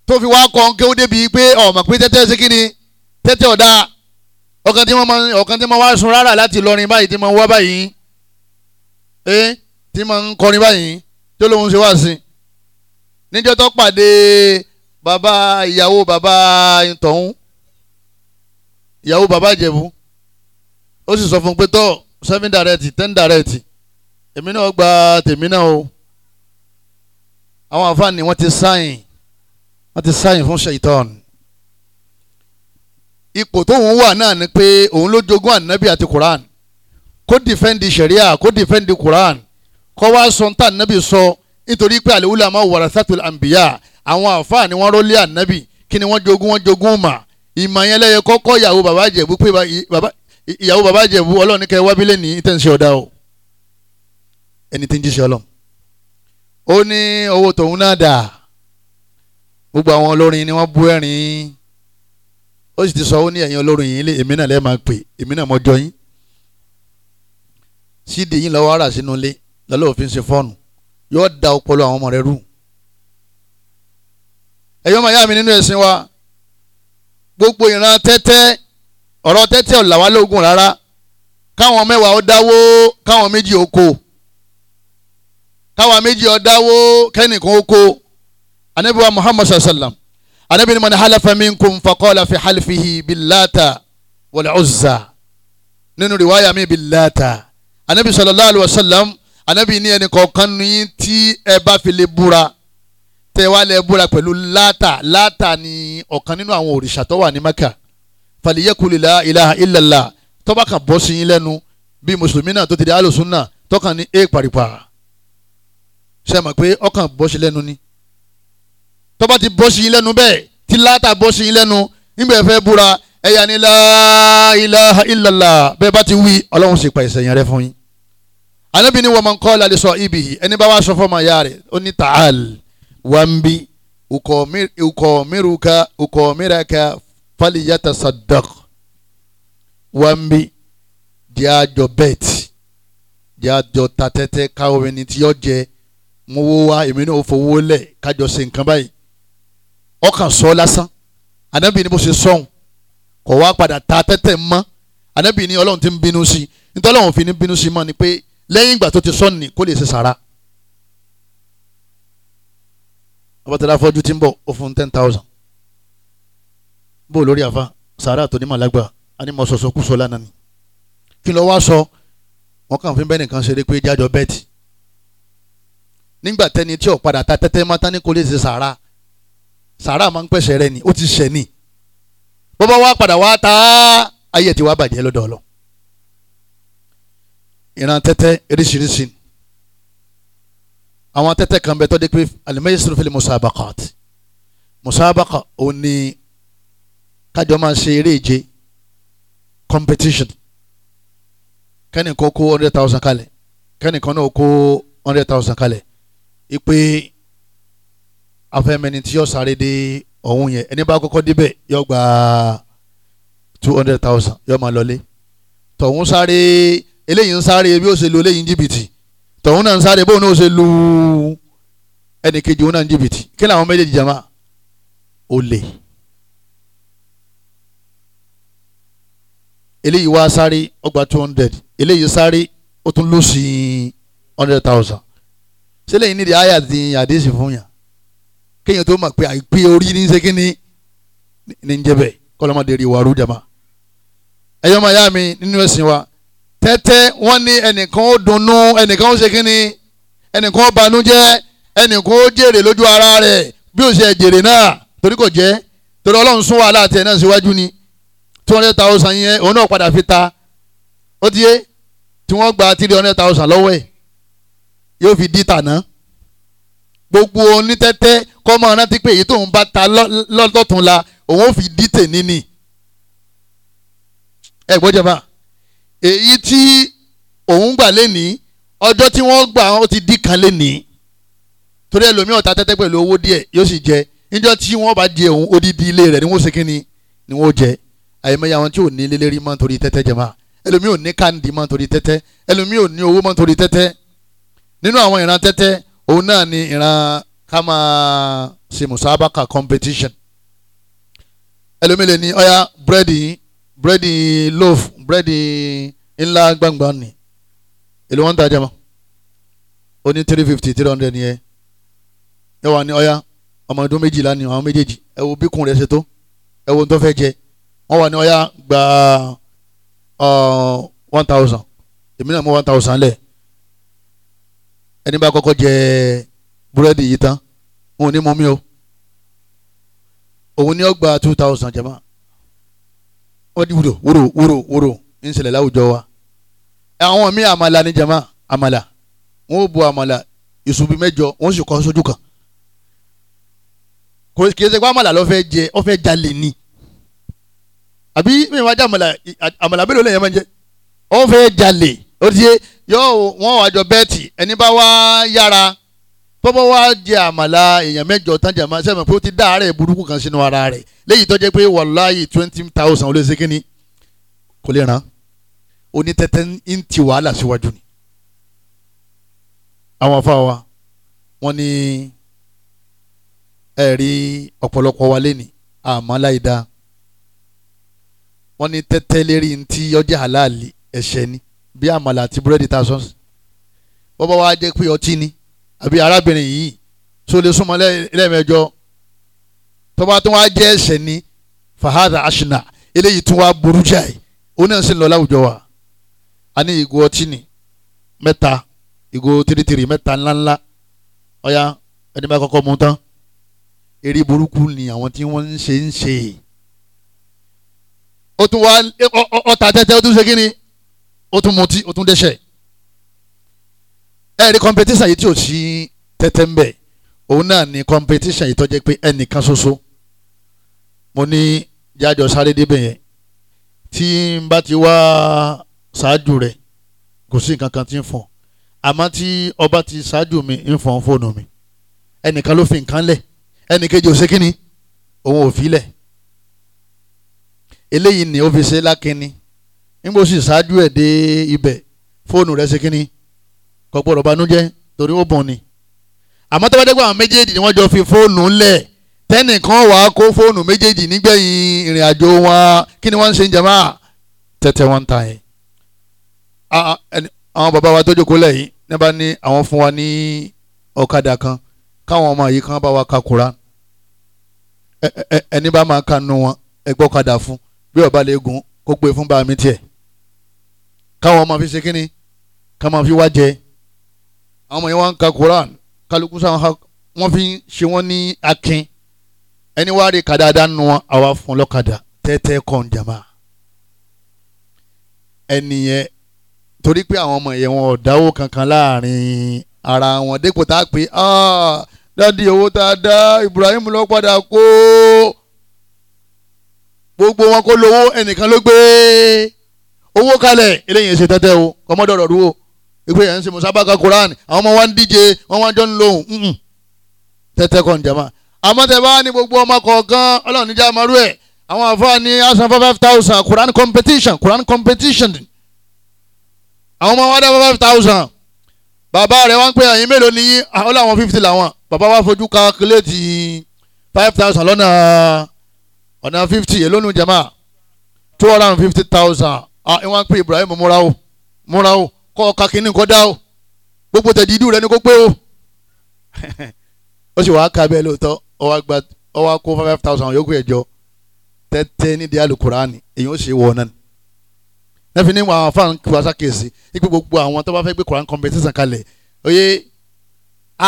Speaker 1: tó fi wá kọ́ ń kéwò débi pé ọmọ pé tẹ́tẹ́ ṣe kí ni tẹ́tẹ́ ọ̀dà ọkàn tí wọ́n máa ọkàn tí wọ́n wá sun rárá láti lọrin báyìí tí wọ́n wá báyìí ẹ́ tí wọ́n ń kọrin báyìí tó lóun ṣe wá sí i níjọ́ tó pàdé bàbá ìyàwó bàbá ìtọ̀hún ìyàwó bàbá ìjẹ̀bú ó sì sọ fún un pé tọ́ seven direct ten direct èmi náà gba tèmi náà o àwọn àfààní wọ́n ti sáyìn wọ́n ti sáyìn fún ṣèitán ipò tóun wà náà ni pé òun ló jogún ànábì àti Quran kó defend ṣẹ̀ríà kó dìfẹ́ǹdì Quran kó wá sọ ní tànábì sọ. So, nítorí pé àlewúlẹ̀ àmọ́ wàrà sátúl àǹbíyà àwọn àfáà ni wọ́n rólé ànábì kí ni wọ́n jogún wọ́n jogún mà ìmọ̀ yẹn lẹ́yẹ kọ́kọ́ ìyàwó bàbá jẹ̀bú pé ìyàwó bàbá jẹ̀bú ọlọ́run ní kẹ́ wábílẹ̀ ní tẹ̀sí ọ̀dà o ẹni tí ń jíṣẹ́ ọlọ́run ó ní owó tòun náà dà gbogbo àwọn olórin ni wọ́n bú ẹ̀rín ó sì ti sọ ó ní ẹ̀yin olórin yìí lé èmi náà lẹ́ẹ̀ máa pè èmi náà mọ́jọ yín sídìí yín lọ́wọ́ ara sínú ilé lọ́lọ́ òfin ṣe fọ́ọ̀nù yóò da ọpọlọ àwọn ọmọ rẹ rú ẹ̀yọ́ máa yá mi nínú ẹ̀sìn wa gbogbo ìran tẹ́tẹ́ ọ̀rọ̀ tẹ́tẹ́ ọ̀là wa lóògùn rárá káwọn mẹ́wàá ó dáwó káwọn méjì ó kó káwọn méjì ó dáwó kẹ́nìkan ó kó anabi wa muhammad sallam anabi ni man halafa minkum faqala fi halfihi billata wal uzza nínú riwaya mi billata anabi sallallahu alayhi wa sallam anabi ní ẹnì kọ̀ọ̀kan ní tí ẹ bá fi lè búra tẹ wá lè búra pẹ̀lú láàtà láàtà ní ọ̀kan nínú àwọn òrìṣà tó wà ní maka faliyekuli la ilaha illallah tọ́ba kan bọ́ sí yín lẹ́nu bí mùsùlùmí náà tó ti di alùsùnà tọ́kàn ní e paripa ṣe mọ̀ pé ọkàn bọ́ sí lẹ́nu ni tọ́ba ti bọ́ sí yín lẹ́nu bẹ́ẹ̀ tí láàtà bọ́ sí yín lẹ́nu níbẹ̀ fẹ́ búra ẹ̀yà ni la ilaha illallah bẹ́ẹ̀ bá ti wí ọlọ́run sì pa ìṣẹ̀yìn rẹ fún yín anabi ni wọ́n kọ́ lálẹ́ sọ ibi yìí ẹni bá wá sọ fọ́ ma yá rẹ̀ taal wambi ukọ̀mìrúka ukọ̀mìraka faliyata sadak wambi diajọ bet diajọ tatẹ́tẹ́ káwọn ẹni tí yọ jẹ mo wo wa èmi náà fowó lẹ̀ kájọ ṣe nǹkan báyìí ọkàn sọ lásán anabi ni bó ṣe sọ̀hún kọ̀ wá padà ta tẹ́tẹ́ anabi ni ọlọ́run ti ń bínú sí i fi ní bínú sí i ni pé lẹ́yìn ìgbà tó ti sọ ni kó lè ṣe sàrà abatala afọ́jú ti ń bọ̀ ó fún ten thousand bó lórí àfa sara tó ní màlágbà animọ̀sọ̀sọ̀ kú sọ lánàá ni kí ló wá sọ wọn kàn fi bẹ́ẹ̀ nìkan ṣeré pé jájọ bẹ́ẹ̀tì nígbà tẹni tí ò padà ta tẹ́tẹ́ mọ́tá ní kó lè ṣe sàrà sàrà máa ń pẹ̀sẹ̀ rẹ ni ó ti ṣẹ̀ ni bọ́bá wa padà wá ta ayé ti wá bàjẹ́ lọ́dọ̀ ìran tẹ́tẹ́ eríṣiríṣi àwọn tẹ́tẹ́ kan bẹ tọ́jú pé alimẹ́yẹ sọ́rọ́fẹ́lẹ́ musabakat musabaka ò ní kájọ máa ṣe eré competition kẹ́nìkan kó hundred thousand kalẹ̀ kẹ́nìkan náà kó hundred thousand kalẹ̀ ipe afẹ́mẹ́ni tí yóò sáré dé ọ̀hún yẹn ẹni bá kọ́kọ́ débẹ̀ yóò gba two hundred thousand yóò máa lọlé tọ̀hún sáré eléyìí ń sáré bí ó ṣe lu eléyìí ń jìbìtì tọ̀hún náà ń sáré bóun náà ṣe lu ẹnì òun náà ń jìbìtì kí làwọn méjèèjì jama olè eléyìí wá sáré ó two hundred eléyìí sáré ó tún lù sí hundred thousand ṣé lẹ́yìn nídìí àyà ti àdéhìí fún yàn kéèyàn tó mọ̀ pé àìpé orí ní ṣe kíní ní ń jẹ́ bẹ́ẹ̀ kọ́lọ́mọdé rí wàrú jama ẹ̀yọ́ máa yá mi nínú ẹ̀sìn wa tẹ́tẹ́ wọ́n ní ẹnìkan ó dunnú ẹnìkan ó ṣe kínní ẹnìkan ó banújẹ́ ẹnìkan ó jèrè lójú ara rẹ̀ bí ó ṣe jèrè náà torí kò jẹ́ torí ọlọ́run sún wàhálà àti ẹ̀ náà síwájú ni two hundred thousand yẹn òun náà padà fi ta ó ti yé tí wọ́n gba three hundred thousand lọ́wọ́ ẹ̀ yóò fi dí tàná gbogbo onítẹ́tẹ́ kọ́mọ rántí pé èyí tóun bá ta lọ́tọ̀tún la òun ò fi dí tè níní ẹ̀ gbọ́dọ̀ bá èyí tí òun gbà lẹ́ni ọjọ́ tí wọ́n gbà ó ti dí kan lẹ́ni torí ẹlòmíràn ta tẹ́tẹ́ pẹ̀lú owó díẹ̀ yóò sì jẹ níjọ́ tí wọ́n bá jẹ òun odidi ilé rẹ̀ ni wọ́n ṣe kí ni ni wọ́n jẹ àyèmọ́yà wọn tí ò ní lélẹ́rí mọ́ nítorí tẹ́tẹ́ jẹ máa ẹlòmíì ò ní káńdì mọ́ nítorí tẹ́tẹ́ ẹlòmíì ò ní owó mọ́ nítorí tẹ́tẹ́ nínú àwọn ìran tẹ́tẹ́ òun náà ni ìran ká máa ṣe musabaka competition ẹlòmíì lè ní ọ̀ya búrẹ́dì yìí búrẹ́dì loaf búrẹ́dì ńlá gbangba ni èlò wọn ń tajà mọ́ ó ní three fifty three hundred yẹn ẹ wà ní ọ̀yá ọmọ ọdún méjìlá ni àwọn méjèèjì ẹ wo bí kùn rẹ̀ ṣe tó ẹ wo tó fẹ́ jẹ wọ́n wà ní ọ̀yá gba one thousand èmi náà mú one thousand lẹ̀ ẹni bá kọ́kọ́ jẹ búrẹ́dì yìí tán òun ní mú mi o òun ní ó two thousand jẹ̀mọ́ wọ́n di wúro wúro wúro wúro ń ṣẹlẹ̀ láwùjọ wa àwọn míì àmàlà ní jama àmàlà wọ́n ó bu àmàlà ìṣubú mẹ́jọ wọ́n sì kọ́ sójú kan kò kì í ṣe pé àmàlà ló fẹ́ jẹ ó fẹ́ jalè ni àbí mi wá jẹ àmàlà àmàlà mélòó lèyàn máa ń jẹ ó fẹ́ jalè ó ti yé yóò wọ́n wá jọ bẹ́ẹ̀tì ẹni bá wá yára bọ́bọ́ wá jẹ àmàlà èèyàn mẹ́jọ tán jàmá léyìí tó jẹ́ pé wàláyé twenty thousand ó lè ṣe kínní kò lè ràn onítẹ̀tẹ̀ ń ti wàhálà síwájú ni àwọn afa wa wọ́n ní ẹ̀rí ọ̀pọ̀lọpọ̀ wa lẹ́ni àmọ́ láìda wọ́n ní tẹ́tẹ́ lérí ntí ọjà halali ẹ̀ṣẹ̀ ni bí àmàlà àti búrẹ́dì ta sọ́ọ̀sì bọ́bá wa jẹ́ pé ọtí ni àbí arábìnrin yìí tó lè súnmọ́ lẹ́ẹ̀mẹjọ tọ́ba tó wá jẹ́ ẹ̀ṣẹ̀ ni fahadà ashina eléyìí tó wá burú jáì ó náà sì lọ láwùjọ wa a ní ìgò ọtí ni mẹ́ta ìgò tìrìtìrì mẹ́ta ńláńlá ọ̀ya ẹni bá kọ́kọ́ mu tán eré burúkú ni àwọn tí wọ́n ń ṣe ń ṣe ó tún wá ọta tẹ́tẹ́ ó tún ṣe kí ni ó tún mutí ó tún dẹ́ṣẹ̀ ẹ̀rí competition yìí tí ò sí tẹ́tẹ́ ń bẹ̀ òun náà ni competition yìí tó jẹ́ pé ẹnìkan ṣoṣo mo ní jájọ sáré débẹ̀ yẹn tí n bá ti wá ṣáájú rẹ̀ kò sí nǹkan kan tí ń fọ̀n àmọ́ tí ọba ti ṣáájú mi ń fọ̀n fóònù mi ẹnìkan ló fi nǹkan lẹ̀ ẹnìkejì ò ṣe kínni òun ò fi lẹ̀ eléyìí ni ó fi ṣe lákínni nígbà ó sì ṣáájú ẹ̀ dé ibẹ̀ fóònù rẹ̀ ṣe kínni kò gbọ́dọ̀ torí ó bùn ni àmọ́ tó bá dé pé àwọn méjèèjì ni wọ́n jọ fi fóònù lẹ̀ tẹ́nìkan wà á kó fóònù méjèèjì nígbẹ̀yìn ìrìn àjò wọn kí ni wọ́n ń ṣe ń jẹ̀mọ́ à tẹ́tẹ́ wọ́n ta yẹn. àwọn bàbá wa tó jókòó lẹ́yìn ní bá ní àwọn fún wa ní ọ̀kadà kan káwọn ọmọ yìí kan bá wa ka Kùránì ẹni bá máa ka nu wọn ẹgbọ́ ọ̀kadà fún bí ọba lè gùn kó gbé fún bá mi tiẹ̀ káwọn ọmọ fi ṣe kínni ká máa fi wá jẹ àwọn ọmọ yẹn wá ń ka Kùránì kálukú sáwọn wọn fi ṣe wọn ní akin ẹni wá rí ka dáadáa nu wọn àwa fún lọ́kadà tẹ́tẹ́ kan jàmá ẹni yẹn torí pé àwọn ọmọ yẹn wọn ò dáwó kankan láàrin ara wọn dépò tá a pè ah, dádì owó tá a dá Ibrahim lọ padà kó gbogbo wọn kó lówó ẹnìkan ló gbé owó kalẹ̀ eléyìí ṣe tẹ́tẹ́ o kọ́mọ́dọ̀rọ̀ dúró ìpè yẹn ń ṣe musabaka Quran àwọn ọmọ wa ń díje wọn wá jọ ń lòun tẹ́tẹ́ kan jàmá àmọ́ tẹ bá ní gbogbo ọmọ kọ̀ọ̀kan ọlọ́run níjà àmọ́rú ẹ̀ àwọn àfáà ní asan five thousand Quran competition Quran competition àwọn ọmọ wa dá five thousand bàbá rẹ̀ wá ń pè àyín mélòó ní ọlọ́ àwọn fifty làwọn bàbá wa fojú calculate five thousand lọ́nà ọ̀nà fifty èló nu jama two hundred and fifty thousand ah ẹ wá ń pè Ibrahim múra o múra o kọ́ ọ̀ka kínní kọ́ dá o gbogbo tẹ̀dídú rẹ ni kó pé o ó sì wàá ka bẹ́ẹ̀ lóòótọ́ ọ wá kó five thousand yòókù ẹ̀ jọ tẹ́tẹ́ nídìí alukurani èyí ó ṣe wọ̀ náà nẹ́fì ní àwọn afáàn kí wàá ṣàkíyèsí ipe gbogbo àwọn tó bá fẹ́ gbé koran competition kalẹ̀ oyè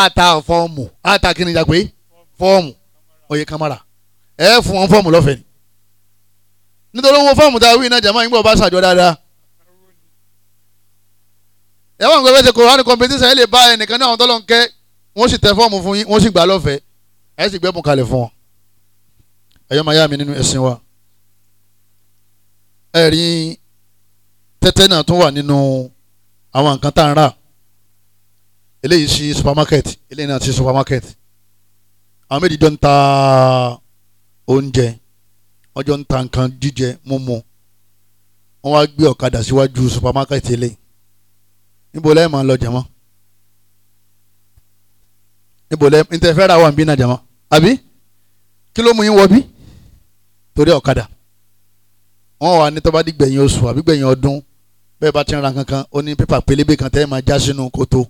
Speaker 1: ata fọ́ọ̀mù ata kí ni ìjà pé fọ́ọ̀mù oyè kamara ẹ fún wọn fọ́ọ̀mù lọ́fẹ̀ẹ́ ni nítorí owó fọ́ọ̀mù tá a wí iná jàmá yín gbọ́ bá ṣàjọ dáadáa ẹ wọ́n gbé fẹ́ ṣe koran competition ẹ lè bá ẹnìkan náà tọ́lọ́ ń kẹ́ wọ́n sì tẹ fọ́ọ̀mù fún yín wọ́n sì gbà lọ́fẹ̀ẹ́ ẹ sì gbẹ́bùn kalẹ̀ fún wọn ẹ̀yọ́ máa yá mi nínú ẹ̀sìn wa ẹ̀rín tẹ́tẹ́ náà tún wà nínú àwọn nǹkan tá à ń rà eléyìí sí supermarket eléyìí náà sí supermarket àwọn méjì jọ ń ta oúnjẹ wọ́n jọ ń ta nǹkan jíjẹ mímu wọ́n wá gbé ọ̀kadà síwájú supermarket eléyìí níbo lẹ́yìn máa ń lọ jẹ̀mọ́ níbo lẹ́yìn ní tẹ́ fẹ́ ra wà ń bí náà jẹ̀mọ́ àbí kí ló mú yín wọ bí torí ọ̀kadà wọ́n wà ní tó bá di gbẹ̀yìn oṣù àbí gbẹ̀yìn ọdún bẹ́ẹ̀ bá ti ń ra kankan ó ní pépà pélébé kan tẹ́ ẹ máa já sínú kòtò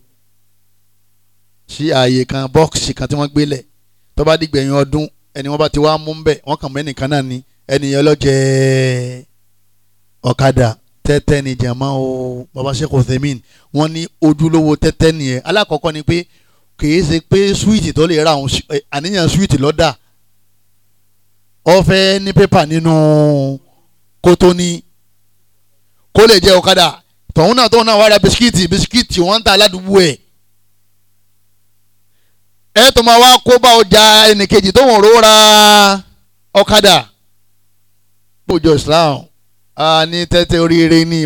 Speaker 1: sí ààyè kan bọ́ọ̀sì kan tí wọ́n gbé lẹ̀ tó bá ọdún ẹni wọ́n bá ti wá mú ń bẹ̀ wọ́n kàn mọ́ ẹnìkan náà ni ẹnìyẹn lọ́jẹ́ ọ̀kadà tẹ́tẹ́ ni jàmá o baba sheikh wọ́n ní ojúlówó tẹ́tẹ́ nìyẹn alákọ̀ọ́kọ́ ni pé kìí ṣe pé súwìtì tó lè ra òun eh, àníyàn súwìtì lọ́dà ọ̀fẹ́ ní pépà nínú kótó ní kó lè jẹ́ ọ̀kadà tọ̀hún náà tọ̀hún náà wá ra bisikíìtì bisikíìtì wọ́n ń ta aládùúgbò ẹ̀ ẹ tó máa wá kó bá ọjà ẹnìkejì tó wọ́n rora ọ̀kadà gbòjò Islam a ní tẹ́tẹ́ oríire ní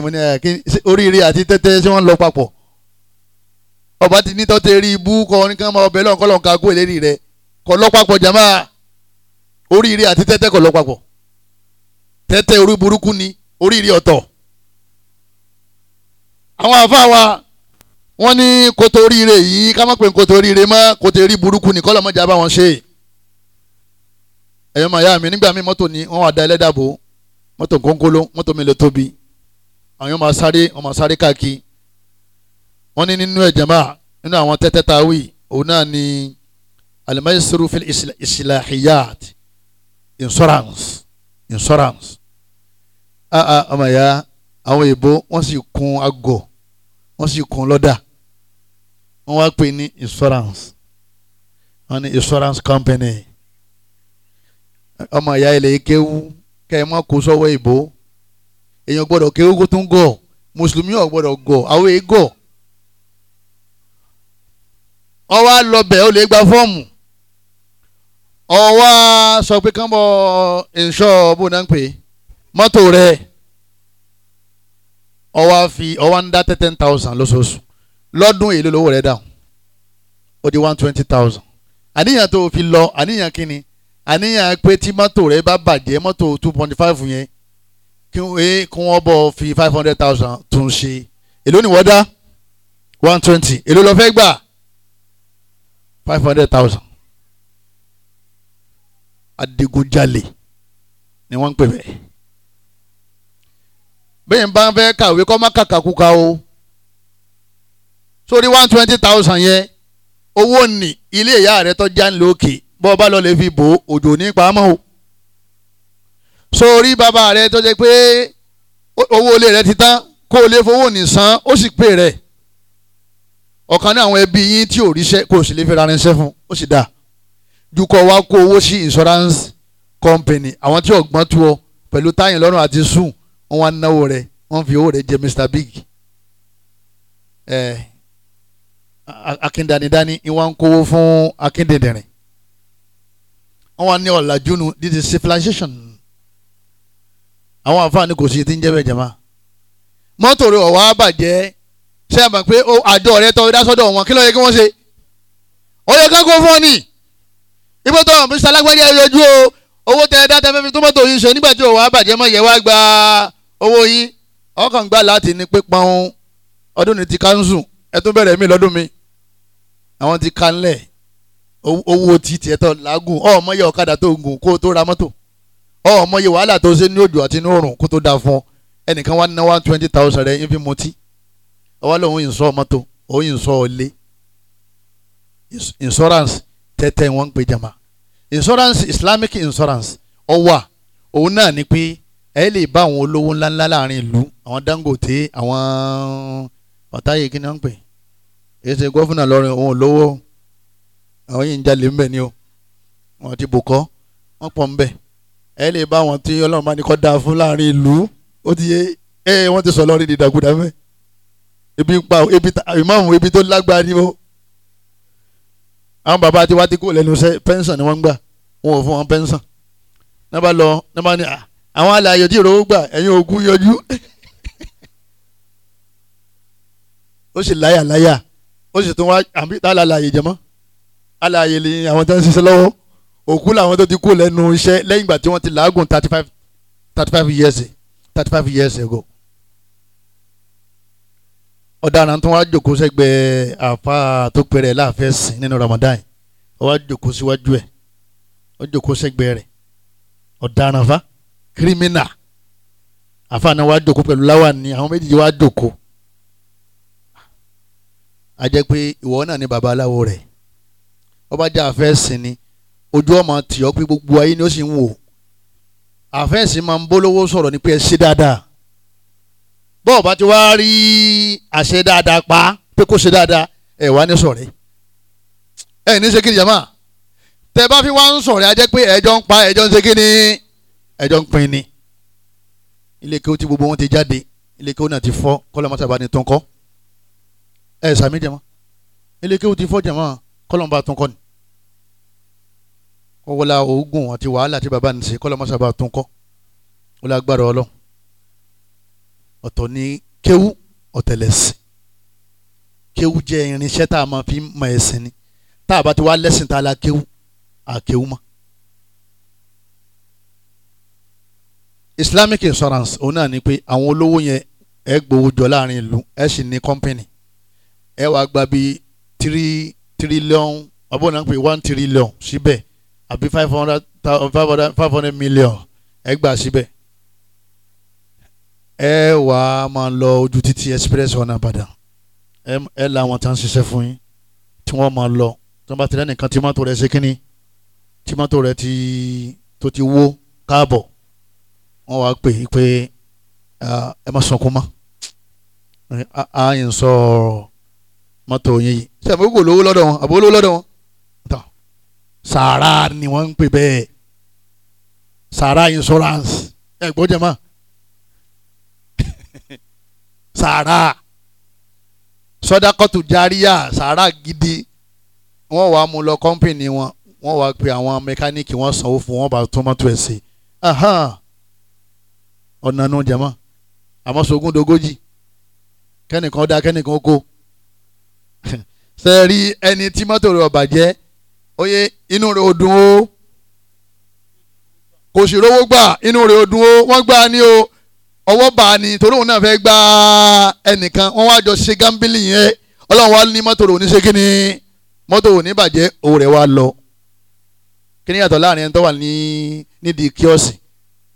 Speaker 1: oríire àti tẹ́tẹ́ tí wọ́n lọ papọ̀ ọba ti nítọ́ tẹ rí ibú kọ orin kan máa ọbẹ̀ lọ́nkọ́ lọ́nka kó èlérí rẹ kọ lọ́pàpọ̀ jàmá oríire àti tẹ́tẹ́ kọ lọ́pàpọ̀ tẹ́tẹ́ orí burúkú ni oríire ọ̀tọ̀ àwọn àfa wa wọ́n ní kótó oríire yìí ká má pè ní kótó oríire mọ́ kótó rí burúkú ni kọ́lọ́ mọ́jà bá wọn ṣe ẹ̀yọ́ màyá mi nígbà míì mọ́tò ni wọ́n wà da ẹlẹ́dàbò mọ́tò kónkóló mọ́tò mi lè tóbi àwọn yóò máa sáré wọ́n máa sáré káàkiri wọ́n ní nínú ẹ̀ jama nínú àwọn tẹ́tẹ́ tá a wí òun náà ni alimaisiru fil islahiyat insurance insurance ah ah ọmọ ya àwọn èèbó wọ́n sì kun agọ̀ wọ́n sì kun lọ́dà wọ́n wá pè ní insurance wọ́n ní insurance company ọmọ ìyá ilẹ̀ kéwú kẹ́ ẹ kó sọ́wọ́ ìbò èèyàn gbọ́dọ̀ kéwú kó tún gọ̀ mùsùlùmí ò gbọ́dọ̀ gọ̀ àwọn èèyàn gọ̀ ọ wá lọbẹ̀ ó lè gba fọ́ọ̀mù ọ wá sọ pé kán bọ ìṣọ́ bó náà ń pè mọ́tò rẹ̀ ọ wá fi ọ wá ń dá ten thousand lóṣooṣù lọ́dún èlò lówó rẹ̀ dáhùn ó di one twenty thousand àníyàn tó fi lọ àníyàn kí ni àníyàn pé tí mọ́tò rẹ̀ bá bàjẹ́ mọ́tò two point five yẹn kí wọ́n eh, bọ̀ fi five hundred thousand tún ṣe èló ni wọ́n dá one twenty èló lọ fẹ́ gbà five hundred thousand adigunjalè ni wọ́n ń pè bẹ́ẹ̀ bẹ́ẹ̀ bá ń fẹ́ kàwé kọ́ má kàkàkùkà o sórí one twenty thousand yẹn owó ni ilé ìyá rẹ tó já nílò òkè bọ́ ọ bá lọ lè fi bò òjò ní pamọ́ o sórí bàbá rẹ tó jẹ́ pé owó ilé rẹ ti tán kó o lè fowó nì san ó sì pè rẹ̀ ọ̀kan ní àwọn ẹbí yín tí ò ríṣẹ́ kò sì lè fi rarin iṣẹ́ fún ó sì dáa ju kọ́ wa kó owó sí insurance company àwọn tí ọ̀gbọ́n tu ọ pẹ̀lú táyìn lọ́rùn àti sùn wọ́n wá náwó rẹ̀ wọ́n fi owó rẹ̀ jẹ Mr Big ẹ̀ akíndanidani ìwà ń kówó fún akíndìndìrín wọ́n wá ní ọ̀làjú nu this is civilization àwọn àǹfààní kò sí ti ń jẹ́ bẹ́ẹ̀ jẹ́ máa mọ́tò rẹ̀ ọ̀wá bàjẹ́ ṣe é mọ̀ pé àjọ rẹ tọ́ ìdásọ́dọ̀ wọn kí ló yẹ kí wọ́n ṣe ó yẹ kankan fún ọ ni ibo tó ọ̀hún ṣalágbárí ẹ yọjú o owó tẹ ẹ dá tẹ fẹ́mi tómọ́tò yìí ṣe nígbà tí òwò àbàjẹ́ mọ̀ yẹ wá gba owó yín ọkàn gbà láti ní pípọ́n ọdún ní ti kánṣu ẹ tún bẹ̀rẹ̀ mí lọ́dún mi àwọn ti ka ńlẹ̀ owó ti tiẹ̀ tọ̀ làágùn ọ̀ mọ̀yẹ ọ̀kadà tó gùn kó tó ra mọ́tò ọ̀ mọ̀yẹ wàhálà tó ṣe ní òjò àti ní òrùn kó tó da fún ẹnìkan wá ná one twenty thousand rẹ̀ yín fi mutí ọwọ́ lòun ìsọ mọ́tò òun ìsọ ilé insurance tẹ́tẹ́ wọ́n ń pè jama insurance islamic insurance ọwà òun náà ni pé ẹ lè bá àwọn olówó ńláńlá láàrin ìlú àwọn Dangote àwọn ọ̀táyé kí ni wọ́n ń pè èyí ṣe gọ́fúnà lọ́rin òun olówó àwọn yìí ń jalè ńbẹ ni o wọn ti bò kọ́ wọ́n pọ̀ ńbẹ ẹ lè bá àwọn tí ọlọ́run bá ní kọ́ dáa fún láàrin ìlú ó ti yé ẹ wọ́n ti sọ lọ́rin dídàkudà mẹ́ẹ̀ ebi ń pa o ebi ta ìmáàmù ebi tó lágbára ni o àwọn bàbá àti wáti kó lẹ́nu iṣẹ́ pẹ́ńsàn ni wọ́n ń gbà wọn ò fún wọn pẹ́ńsàn náà bá lọ náà bá ní àwọn alàyè tí ìrọ̀wọ́ gbà ẹ̀yin ogun yọjú ó sì láyà láyà ó sì tún wá àbí tá alàyè jẹmọ́ alàyè ni àwọn tó ń ṣiṣẹ́ lọ́wọ́ òkú làwọn tó ti kó lẹ́nu iṣẹ́ lẹ́yìn ìgbà tí wọ́n ti làágùn thirty five thirty five years thirty five years ago ọ̀daràn tó wá jòkó sẹ́gbẹ̀ẹ́ àfa tó pẹ̀rẹ̀ láàfẹ́ sìn nínú Ramadan ó wá jòkó síwájú ẹ̀ ó jòkó sẹ́gbẹ̀ẹ́ rẹ̀ ọ̀daràn fa kírímínà àfa náà wá jòkó pẹ̀lú láwàní àwọn méjì wá jòkó a jẹ́ pé ìwọ náà ni baba aláwo rẹ̀ ó bá jẹ́ àfẹ́ sìn ni ojú ọmọ tì ọ́ pé gbogbo ayé ni ó sì ń wò àfẹ́ sìn máa ń bólówó sọ̀rọ̀ ní pé ẹ ṣe dáadáa bọ́ọ̀ bá ti wá rí àṣẹ dáadáa pa pé kó ṣe dáadáa ẹ̀ wá ní sọ̀rẹ́ ẹ̀ ní ṣe kí ni jama tẹ bá fi wá ń sọ̀rẹ́ ajẹ́ pé ẹjọ́ ń pa ẹjọ́ ń ṣe kí ni ẹjọ́ ń pin ni ilé kí ó ti gbogbo wọn ti jáde ilé kí ó náà ti fọ́ kọ́lọ́mọ́sá bá ní tán kọ́ ẹ̀ sàmì jama ilé kí ó ti fọ́ jama kọ́lọ́mọ́ba tán kọ́ ni wọ́n wọlé oògùn àti wàhálà tí baba ń ṣe kọ́lọ́mọ́sá bá tán kọ́ ó lágbára ọlọ́run ọ̀tọ̀ ni kéwú ọ̀tẹ̀lẹ̀sìn kéwú jẹ́ irinṣẹ́ tá a máa fi mọ ẹ̀sìn ni tá a bá ti wá lẹ́sìn tá a la kéwú àkéwú mọ́. islamic insurance òun náà ni pé àwọn olówó yẹn ẹ gbowó jọ láàrin ìlú ẹ sì ní company ẹ wàá gba bíi three trillion abọ́n náà pé one trillion síbẹ̀ àbí five hundred five hundred million ẹ gbà síbẹ̀ ẹ wà á máa lọ ojú títí express ọ̀nà Ìbàdàn ẹ làwọn tá à ń ṣiṣẹ́ fún yín tí wọ́n máa lọ tí wọ́n bá ti rẹ́ nìkan tímọ́tò rẹ̀ ṣe kínní tímọ́tò rẹ̀ ti tó ti wó káàbọ̀ wọ́n wá pè é pé ẹ má sunkún mọ́ a yìí ń sọ mọ́tò yín yìí ṣe àbúrò kò lówó lọ́dọ̀ wọn àbúrò lówó lọ́dọ̀ wọn tán ni wọ́n ń pè bẹ́ẹ̀ sàárà insurance ẹ̀ gbọ́dọ̀ máa sàárà sọdakọtù járíyà sàárà gidi wọ́n wàá mú lọ kọ́ńpìnì wọn wọ́n wàá pe àwọn mẹkáníìkì wọ́n sanwó fún wọn bá tó mọ́tò ẹ̀ sí ọ̀nà nu jẹ̀mọ́ àmọ́ sogún dogójì kẹ́nìkan dá kẹ́nìkan kó ṣe rí ẹni tí mọ́tò rẹ̀ ó bàjẹ́ inú rẹ̀ ò dùn o kò sì rówó gbà inú rẹ̀ ò dùn o wọ́n gbà ní o ọwọ́ bá a ní torí òun náà fẹ́ gba ẹnìkan wọ́n wá jọ ṣe gámbílì yẹn ọlọ́run wá ní mọ́tò òní ṣe kíni mọ́tò òní bàjẹ́ òwò rẹ̀ wá lọ kíni yàtọ̀ láàrin ẹni tó wà ní nídìí kíọ́sì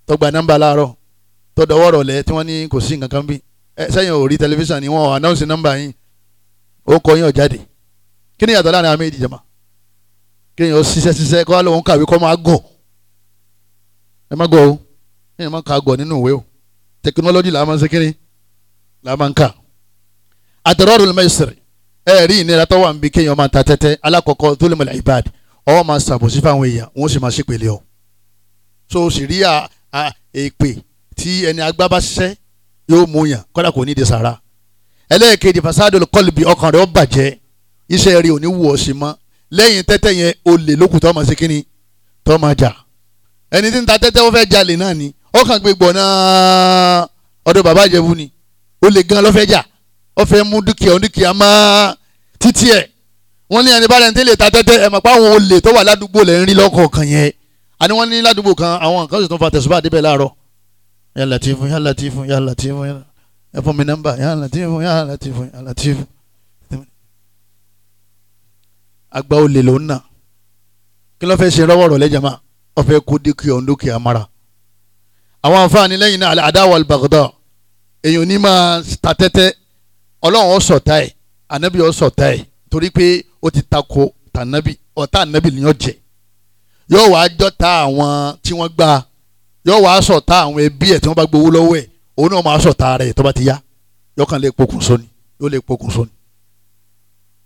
Speaker 1: tó gba nọ́mbà láàárọ̀ tó dọwọ́ rọ̀lẹ́ tí wọ́n ní kò sí nǹkan bí ẹ sẹ́yìn ò rí tẹlifíṣàn ni wọ́n announce nọ́mbà yín ó kọ yín ọ̀jáde kíni yàtọ̀ láàrin àmì ìdìjọba kíni yóò ṣiṣẹ́ ṣiṣẹ́ kọ́ lóun kàwé kọ́ máa gọ̀ ẹ má gọ̀ o ẹ má kà gọ̀ nínú ìwé o Technology là máa ń sekiri là máa ń kà àdàrọ́rù lè má ìsirì ẹ rí ìnira tó wà ń bi kéèyàn máa ta tẹ́tẹ́ alákọ̀ọ́kọ́ tó ibad ọ máa ṣàbòsí fáwọn èèyàn wọ́n sì máa ṣèpèlè ọ. so sì rí èpè tí ẹni agbá bá ṣiṣẹ́ yóò mú yàn kọ́dà kò ní ìdí sàrà ẹlẹ́ẹ̀kejì fasádò kọ́lùbì ọkàn rẹ̀ ó bàjẹ́ iṣẹ́ rẹ̀ ò ní wù ọ́ sí mọ́ lẹ́yìn tẹ́tẹ́ yẹn olè lókùtọ́ máa ṣe kínní tọ́ máa jà ẹni tí ń ta tẹ́tẹ́ ó fẹ́ jalè náà ni ọkàn gbé gbọ̀nà ọ̀dọ̀ bàbá ìjẹ̀bù ni ó lè gan lọ́fẹ́ jà ọ̀fẹ́ mú dúkìá dúkìá mọ́ títí ẹ̀ wọ́n ní ẹni bára ẹni tí lè ta tẹ́tẹ́ ẹ̀ mọ̀ pé àwọn olè tó wà ládùúgbò lẹ̀ ń rí lọ́kọ̀ọ̀kan yẹn àní wọ́n ní ládùúgbò kan àwọn nǹkan sì tún fa tẹ̀sùbá débẹ̀ láàárọ̀ yà Latifu yà Latifu yà Latifu ẹ fún mi nọ́mbà yà Latifu yà Latifu yà Latifu. àgbà olè ló ń nà kí ló fẹ́ ṣe rọ́wọ́rọ́ lẹ́jàmá ọ̀fẹ́ kó dúkìá dúkìá mara àwọn àǹfààní lẹ́yìn náà àdáwọ̀ al-baghdha èèyàn ní máa ta tẹ́tẹ́ ọlọ́run ó sọ̀tá ẹ̀ ànábì ó sọ̀tá ẹ̀ torí pé ó ti tako tànábì ọ̀tá ànábì ni ó jẹ́ yóò wá jọ́ta àwọn tí wọ́n gbà yóò wá sọ̀tá àwọn ẹbí ẹ̀ tí wọ́n bá gbowó lọ́wọ́ ẹ̀ òun náà máa sọ̀tá rẹ̀ tó bá ti yá yọkàn lè pokùnso ni yóò lè pokùnso ni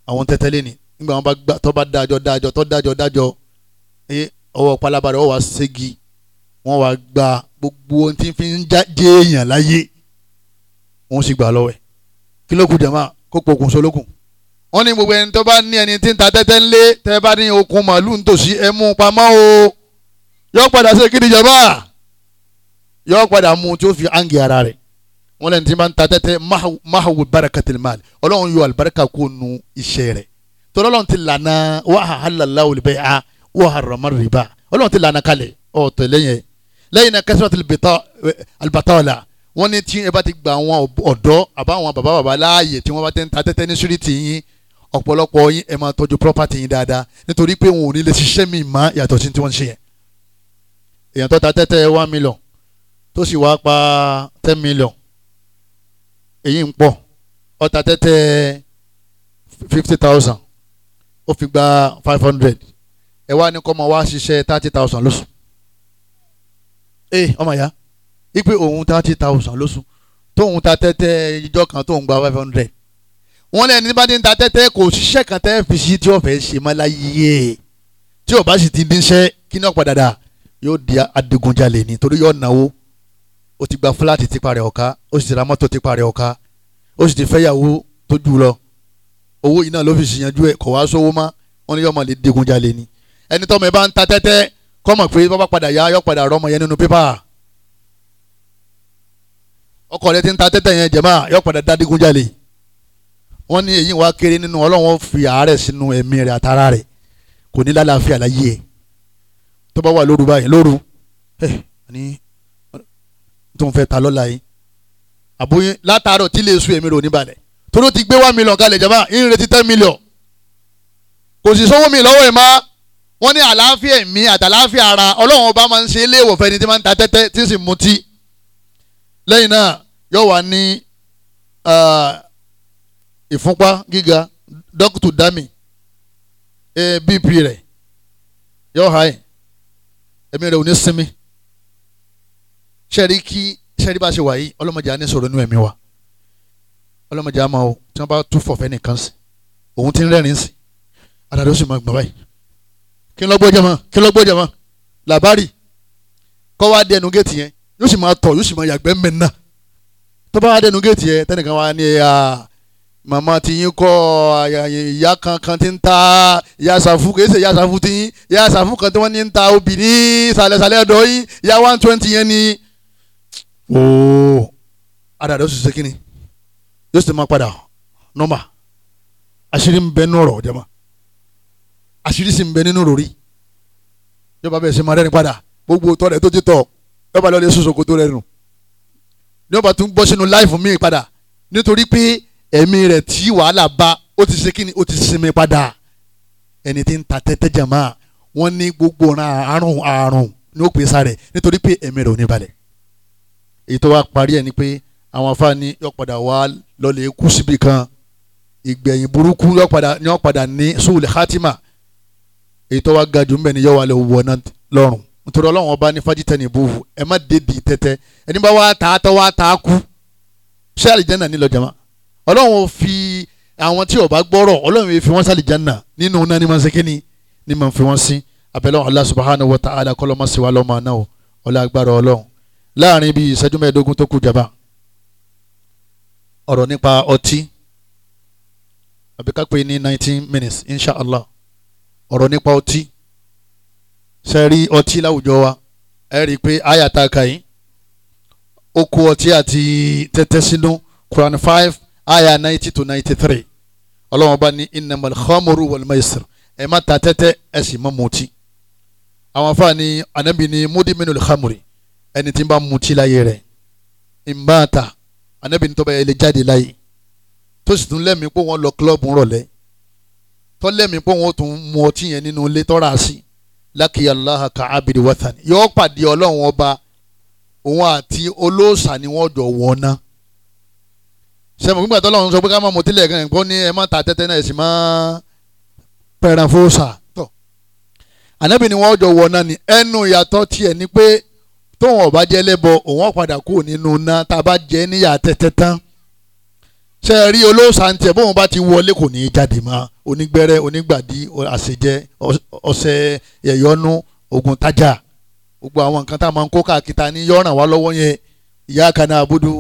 Speaker 1: àwọn tẹ́tẹ́ lé ni nígbà wọn bá gbà tó bá dájọ́ dájọ́ tó dájọ́ dájọ́ ọwọ́ pálábàrẹ̀ ọwọ́ wa ségi wọ́n wá gba gbogbo ohun tí fi ń jẹ́ èèyàn láyé wọ́n sì gbà lọ́wọ́ ẹ̀ kí ló kù jẹ̀mọ́ kó pokùn solókùn. wọ́n ní gbogbo ẹni tó bá ní ẹni tí ń ta tẹ́tẹ́ ńlé tẹ́ bá ní okun màálù ń tòsí ẹ mú un pamọ́ o yọ padà sí kí ni jẹ̀mọ́ yọ padà mú un tí ó fi áǹgì ara rẹ̀ wọ́n lẹ́ni tí máa ń ta tẹ́tẹ́ máhàwù barakatil mal ọlọ́run yọ àlùbáríkà kó nu iṣẹ́ rẹ̀ tọ́lọ́run ti lànà wàhálà láwùlẹ̀ a wàhálà rọ̀mọ́ ọlọ́run ti lànà kalẹ̀ ọ̀tọ̀ lẹ́yìn lẹ́yìn náà kẹsàn-án ti àlùbátà ọ̀la wọ́n ní tí ẹ bá ti gba àwọn ọ̀dọ́ àbáwọn bàbá bàbá láàyè tí wọ́n bá ti ń ta tẹ́tẹ́ ní síríìtì yín ọ̀pọ̀lọpọ̀ yín ẹ máa tọ́jú property yín dáadáa nítorí pé wọn ò ní lè ṣiṣẹ́ mi mọ́ yàtọ̀ sí tí wọ́n ń ṣe yẹn. èèyàn tó ta tẹ́tẹ́ one million tó sì wá pa ten million èyí ń pọ̀ ó ta tẹ́tẹ́ fifty thousand ó fi gba five hundred ẹ wá ní kọ́ mọ wá ṣiṣẹ́ thirty thousand lóṣù ee eh, ọmọ ya ipe òun thirty thousand lóṣù tóun ta tẹ́tẹ́ ìjọ kan tóun gba five hundred wọ́n lẹ́ni bá ti ń ta tẹ́tẹ́ kò ṣiṣẹ́ kan tẹ́ fi sí tí ó fẹ́ ṣe mọ́ láyé tí ò bá sì ti díṣẹ́ kí náà padà dà yóò di adigunjalè ni torí yóò náwó o ti gba fúláàtì tipa rẹ̀ ọ̀ka ó sì ti ra mọ́tò tipa rẹ̀ ọ̀ka ó sì ti fẹ́yàwó tó jù lọ owó yìí náà ló fi ṣìyànjú ẹ̀ kọ̀ wá sówó mọ́ wọ́n ní yóò máa lè digunjalè ni ẹni tọ́mọ ẹ bá ń ta tẹ́tẹ́ kọ́mọ̀ pé bàbá padà yá yọ padà rọmọ yẹn nínú pépà ọkọ rẹ ti ń ta tẹ́tẹ́ yẹn jẹ̀má yọ padà dadigunjalè wọ́n ní èyí wá kéré nínú ọlọ́wọ́n fi àárẹ̀ sínú ẹ̀mí rẹ̀ àtàrà rẹ̀ kò ní lálàáfíà láyé ẹ̀ tó bá wà lóru báyìí lóru ẹ̀ ní tó ń fẹ́ ta lọ́la yìí àbúyín látàárọ̀ tí lè sùn èmi rò níbalẹ̀ tó ló ti gbé one million kalẹ̀ jẹ̀má ń retí ten million kò sì sówó mi lọ́wọ́ ẹ̀ máa wọ́n ní àlàáfíà ẹ̀mí àtàlàáfíà ara ọlọ́run ọba máa ń ṣe ilé ìwòfẹ́ ni tí máa ń ta tẹ́tẹ́ tí sì mutí lẹ́yìn náà yóò wá ní ìfúnpá gíga dókítù dami bp rẹ̀ yóò háì ẹ̀mí rẹ̀ ò ní sinmi ṣẹ́rí kí ṣẹ́rí bá ṣe wà yìí ọlọ́mọdé á ní sọ̀rọ̀ nínú ẹ̀mí wa ọlọ́mọdé á máa o tí wọ́n bá tún fọ̀fẹ́ nìkan sí òun ti ń rẹ́rìn sí àdàdo sì máa gbọ̀n báyìí kí n lọ gbọ́ jẹ́mọ́ kí n lọ gbọ́ jẹ́mọ́ làbárì kọ́ wá dé ẹnu géètì yẹn yóò sì máa tọ̀ yóò sì máa yàgbẹ́ mẹ́nà tó bá wá dé ẹnu géètì yẹn tẹ́nìkan wá ní ẹ̀yà màmá ti yín kọ́ ìyá kankan ti ń ta ìyá sàfù kì í ṣe ìyá sàfù ti yín ìyá sàfù kan tí wọ́n ní ń ta obì ní sàlẹ̀sàlẹ̀ ọ̀dọ̀ yín ìyá one twenty yẹn ni ooo adàdé ó sì ni yóò sì máa padà nọ́mbà àṣírí ń bẹ nú ọ̀rọ̀ jẹ́mọ́ àṣírí sì ń bẹ nínú ròrí yọba bẹ́ẹ̀ ṣe máa rẹ́rìn padà gbogbo tọ́ rẹ̀ tó ti tọ̀ yọba lọ́ọ́ lè soso kó tó rẹ̀ rùn yọba tún bọ́ sínú láìfù míì padà nítorí pé ẹ̀mí rẹ̀ tí wàhálà bá ó ti ṣe kíni ó ti sinmi padà ẹni tí ń ta tẹ́tẹ́ jàmá wọ́n ní gbogbo ọ̀ràn àrùn àrùn ní ó pè sáré nítorí pé ẹ̀mí rẹ̀ ò ní balẹ̀ èyí tó wá parí ẹ̀ ni pé àwọn afáàní yọ padà wá lọ́ọ́ lè kú síbi kan ìgbẹ̀yìn burúkú yọ padà ní sùúlù khatima èyí tó wá ga jù mbẹ ni yọ wà lẹ wọ náà lọ́rùn nítorí Ọlọ́run ọba ní fájítẹ ní ìbúhu ẹ má débi tẹ́tẹ́ ẹni bá wá ta tọ́ wá ta kú ṣé àlìjánà nílò jama Ọlọ́run fi àwọn tí ọba gbọ́rọ̀ Ọlọ́run yìí fi wọ́n sàlìjánà nínú náà ni máa ń ṣe kínní ní máa ń fi wọ́n sí abẹ́lẹ́ Allah subhanahu wa ta'ala kọ́lọ́mọ sí wa lọ́mọ náà ọlá agbára Ọlọ́run láàrin bíi ìṣẹ́jú mẹ́ẹ̀ẹ́dógún tó kù jaba nineteen minutes insha ọ̀rọ̀ nípa ọtí sẹ́rí ọtí láwùjọ wa ẹ rí i pé àyàtà kàyí ó kó ọtí àti tẹ́tẹ́ sínú Quran five àyà ninety to ninety three ọlọ́wọ́n bá ní innamal khamru wal maisir ẹ má ta tẹ́tẹ́ ẹ sì má mutí àwọn afa ni anabi ni mudi minul khamri ẹni tí ń bá mutí láyé rẹ̀ ìmbáta anabi ní tọ́ba ẹ lè jáde láyé tó sì tún lẹ́mìí pé wọ́n lọ kílọ̀bù rọ̀lẹ́ tọ́lẹ́mí pé wọ́n tún mu ọtí yẹn nínú ilé tọ́ra sí lákìyà aláha ká abiri wàtàní yóò pàdé ọlọ́run ọba òun àti olóòṣà ni wọ́n jọ wọ́n ná sẹ́mi gbígbà tọ́lọ́run sọ pé ká má mutí lẹ́ẹ̀kan ẹ̀kọ́ ní ẹ má ta tẹ́tẹ́ náà ẹ̀sìn má pẹ̀ràn fóòṣà ànábì ni wọ́n jọ wọ́n ná ni ẹnu ìyàtọ̀ tiẹ̀ ni pé tóun ọba jẹ́ lẹ́bọ òun ọ̀padà kúrò nínú ná tá a bá jẹ́ níyà tẹ́tẹ́ tán ṣe é rí olóòṣà ń tẹ bóun bá ti wọlé kò ní í jáde mọ́ onígbẹ́rẹ́ onígbàdí àṣejẹ ọ̀sẹ̀ ẹ̀yọ́nú ogun tájà gbogbo àwọn nǹkan tá a máa ń kó káàkiri ta ni yọ ràn wá lọ́wọ́ yẹn ìyá kaná abudu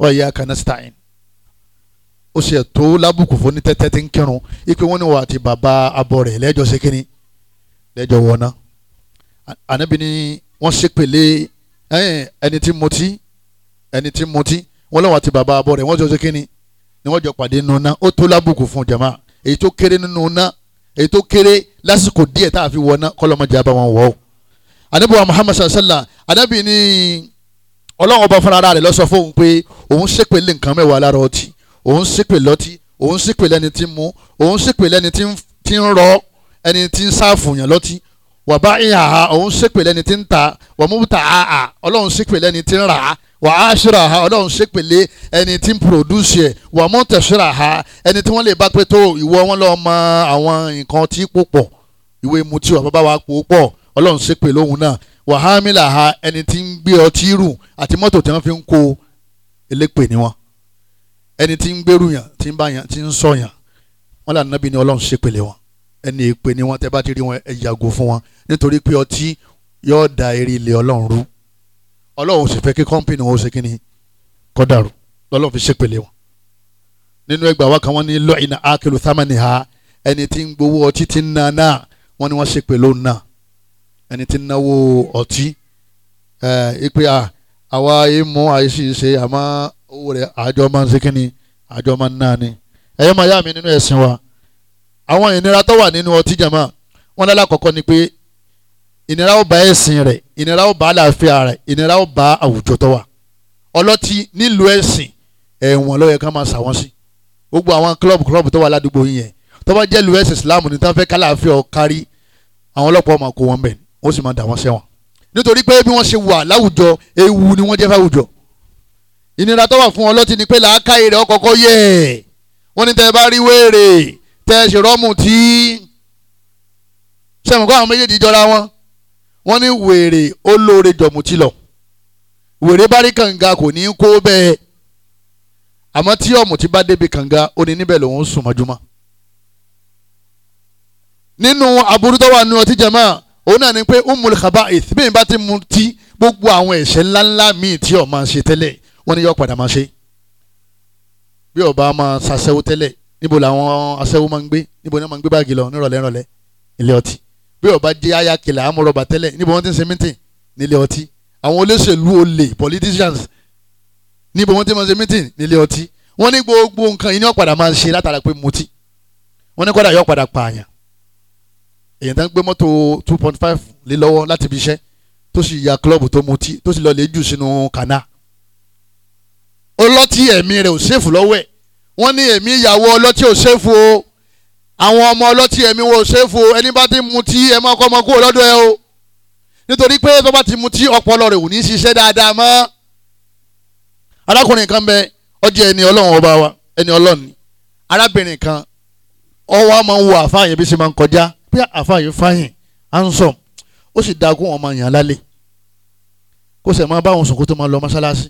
Speaker 1: wọ́n ìyá kaná stein ó ṣe tó lábùkù fún ní tẹ́tẹ́ tí ń kírun ipe wọn ni wọ́n àti bàbá abọ rẹ̀ lẹ́jọ́ ṣe kínní lẹ́jọ́ wọ̀nà ànábi ni wọ́n ṣépèlé ẹni tí mutí ẹni tí mutí wọ́n lọ́wọ́ àti bàbá abọ rẹ̀ wọ́n jọ ṣe kínní ni wọ́n jọ pàdé nínú ná ó tó lábùkù fún jama èyí tó kéré nínú ná èyí tó kéré lásìkò díẹ̀ tá a fi wọ̀ ná kọ́lọ́mọdé abá wọn wọ̀ ọ́. anábìwá muhammad sallallahu anábì ní ọlọ́run ọba fúnra rẹ̀ ló sọ fóun pé òun ṣépè lé nǹkan mẹ́wàá lára ọtí òun ṣépè lọ́tí òun ṣépè lẹ́ni tí ń mu òun ṣépè lẹ́ni tí ń rọ ẹni tí ń sáfùyàn lọ́tí wàbá ìhà òun ṣépè lẹ́ni tí ń ta wàmúta àà ọlọ́run ṣépè lẹ́ni tí ń rà á wà á ha ọlọ́run ṣépèlé ẹni tí ń produce ẹ̀ wà mọ́ ha ẹni tí wọ́n lè bá pé tó ìwọ wọn lọ́ọ́ mọ àwọn nǹkan tí pò pọ̀ ìwé mutí wà bàbá wa pò pọ̀ ọlọ́run ṣépèlé òun náà wà á ha ẹni tí ń gbé ọtí rù àti mọ́tò tí wọ́n fi ń kó elépè ni wọn ẹni tí ń gbèrú yàn tí ń bá yàn tí ń sọ yàn wọn lànà bí ni ọlọ́run ṣépèlé wọn ẹni èpè ọlọ́run sì fẹ́ kí kọ́ńpìnì wọn ó ṣe kí ni kọ́ dàrú lọ́lọ́run fi ṣépele wọn. nínú ẹgbàá wa kan wọ́n ní lọ́ọ̀ìnà ákìlù thamani ha ẹni tí ń gbowó ọtí ti ń na náà wọ́n ní wọ́n ṣépele òun náà ẹni tí ń náwó ọtí ìpè à àwa ìmú àìsí ṣe àmọ́ owó rẹ̀ àjọ máa ń ṣe kí ni àjọ máa ń náà ni ẹ̀yọ́ máa yá mi nínú ẹ̀sìn wa àwọn ìnira tó wà nínú ọtí jàmá wọn lálàkọ́kọ́ ni pé ìnira ó bá ẹ̀sìn rẹ̀ ìnira ó bá àlàáfíà rẹ̀ ìnira ó bá àwùjọ tó wà ọlọ́tí nílùú ẹ̀sìn ẹ̀wọ̀n ló yẹ ká máa ṣàwọn sí gbogbo àwọn club club tó wà ládùúgbò yín yẹn tó bá jẹ́ lu ẹ̀sìn Islam ní tán fẹ́ kálàáfíà ó kárí àwọn ọlọ́pàá máa kó wọn bẹ̀ ó sì máa dà wọ́n sẹ́wọ̀n nítorí pé bí wọ́n ṣe wà láwùjọ ewu ni wọ́n jẹ́ fáwùjọ ìnira tó wà fún ọlọ́tí ni pé làákàyè rẹ̀ ọkọ̀ọ̀kọ̀ yẹ̀ wọ́n ní tẹ́ ẹ bá rí wéèrè tẹ́ ẹ wọ́n ní wèrè ó lóore jọ̀mùtí lọ wèrè bá rí kànga kò ní kó bẹ́ẹ̀ àmọ́ tí ọ̀mùtí bá débi kànga ó ní níbẹ̀ lòun sùn mọ́júmọ́ nínú aburú tó wà nínú ọtí jẹ̀mọ́ òun náà ni pé umul khaba'ith bí mi bá ti mu tí gbogbo àwọn ẹ̀ṣẹ̀ ńláńlá míì tí ọ̀ máa ṣe tẹ́lẹ̀ wọ́n ní yọ padà máa ṣe bí ọba máa ṣàṣẹ́wó tẹ́lẹ̀ níbo làwọn aṣẹ́wó máa ń gbé níbo ni wọ́n máa ń gbé báàgì lọ nírọ̀lẹ́ nírọ̀lẹ́ ilé ọtí bí ọba jẹ́ ayakẹlẹ̀ amúrọ̀bà tẹ́lẹ̀ níbo wọ́n ti ń ṣe mítìn nílé ọtí àwọn olóṣèlú olè politicians níbo wọ́n ti máa ṣe mítìn nílé ọtí wọ́n ní gbogbo nǹkan iná padà máa ń ṣe látara pé mutí wọ́n ní kọ́dà yóò padà pààyàn èyàn tó gbé mọ́tò two point five lé lọ́wọ́ láti ibi iṣẹ́ tó sì ya klọ́ọ̀bù tó mutí tó sì lọ́ọ́ lè jù sínú kànáà ọlọ́tí ẹ̀mí rẹ̀ ò ṣèfù lọ́wọ́ ẹ̀ wọ́n ní ẹ̀mí ìyàwó ọlọ́tí ò ṣèfù o àwọn ọmọ ọlọ́tí ẹ̀mí wo ṣéfù ẹni bá ti mutí ẹ máa kọ́ ọmọ kúrò lọ́dọ̀ ẹ o nítorí pé tó bá ti mutí ọpọlọ rẹ̀ ò ní ṣiṣẹ́ dáadáa mọ́ arákùnrin kan bẹ ó ẹni ọlọ́run ọba wa ẹni ọlọ́run ni arábìnrin kan ọwọ́ máa ń wo àfáàyàn bí ṣe máa ń kọjá pé àfáàyàn fáyìn handsome ó sì dáa kó wọn máa yàn lálẹ́ kó sẹ̀ máa bá wọn sùn tó máa lọ mọ́ṣáláṣí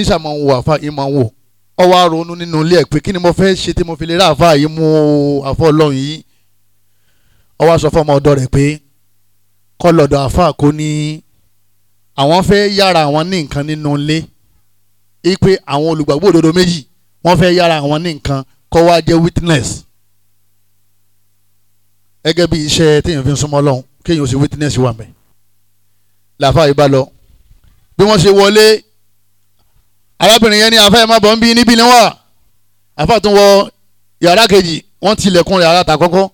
Speaker 1: ìṣà máa ń wo àfáàyàn máa ń wò ó wá ronú nínú ilé ẹ̀ pé kí ni mo fẹ́ ṣe tí mo fi lè rà àfa yìí mú àfọ ọlọ́run yìí ó wá sọ fún ọmọ ọ̀dọ̀ rẹ̀ pé kó lọ́dọ̀ àfa kó ní àwọn fẹ́ yára àwọn ní nǹkan nínú ilé yìí pé àwọn olùgbàgbọ́ òdodo méjì wọ́n fẹ́ yára àwọn ní nǹkan kó wá jẹ́ witness gẹ́gẹ́ bí iṣẹ́ téèyàn fi ń súnmọ́ ọlọ́run kéèyàn ó ṣe witness wà mẹ́ làfáà yìí bá lọ bí wọ́n ṣe wọlé arábìnrin yẹn ní afá ẹ̀ má bọ̀ ń níbí ni wà afá tó wọ yàrá kejì wọ́n ti ilẹ̀kùn rẹ̀ ara ta kọ́kọ́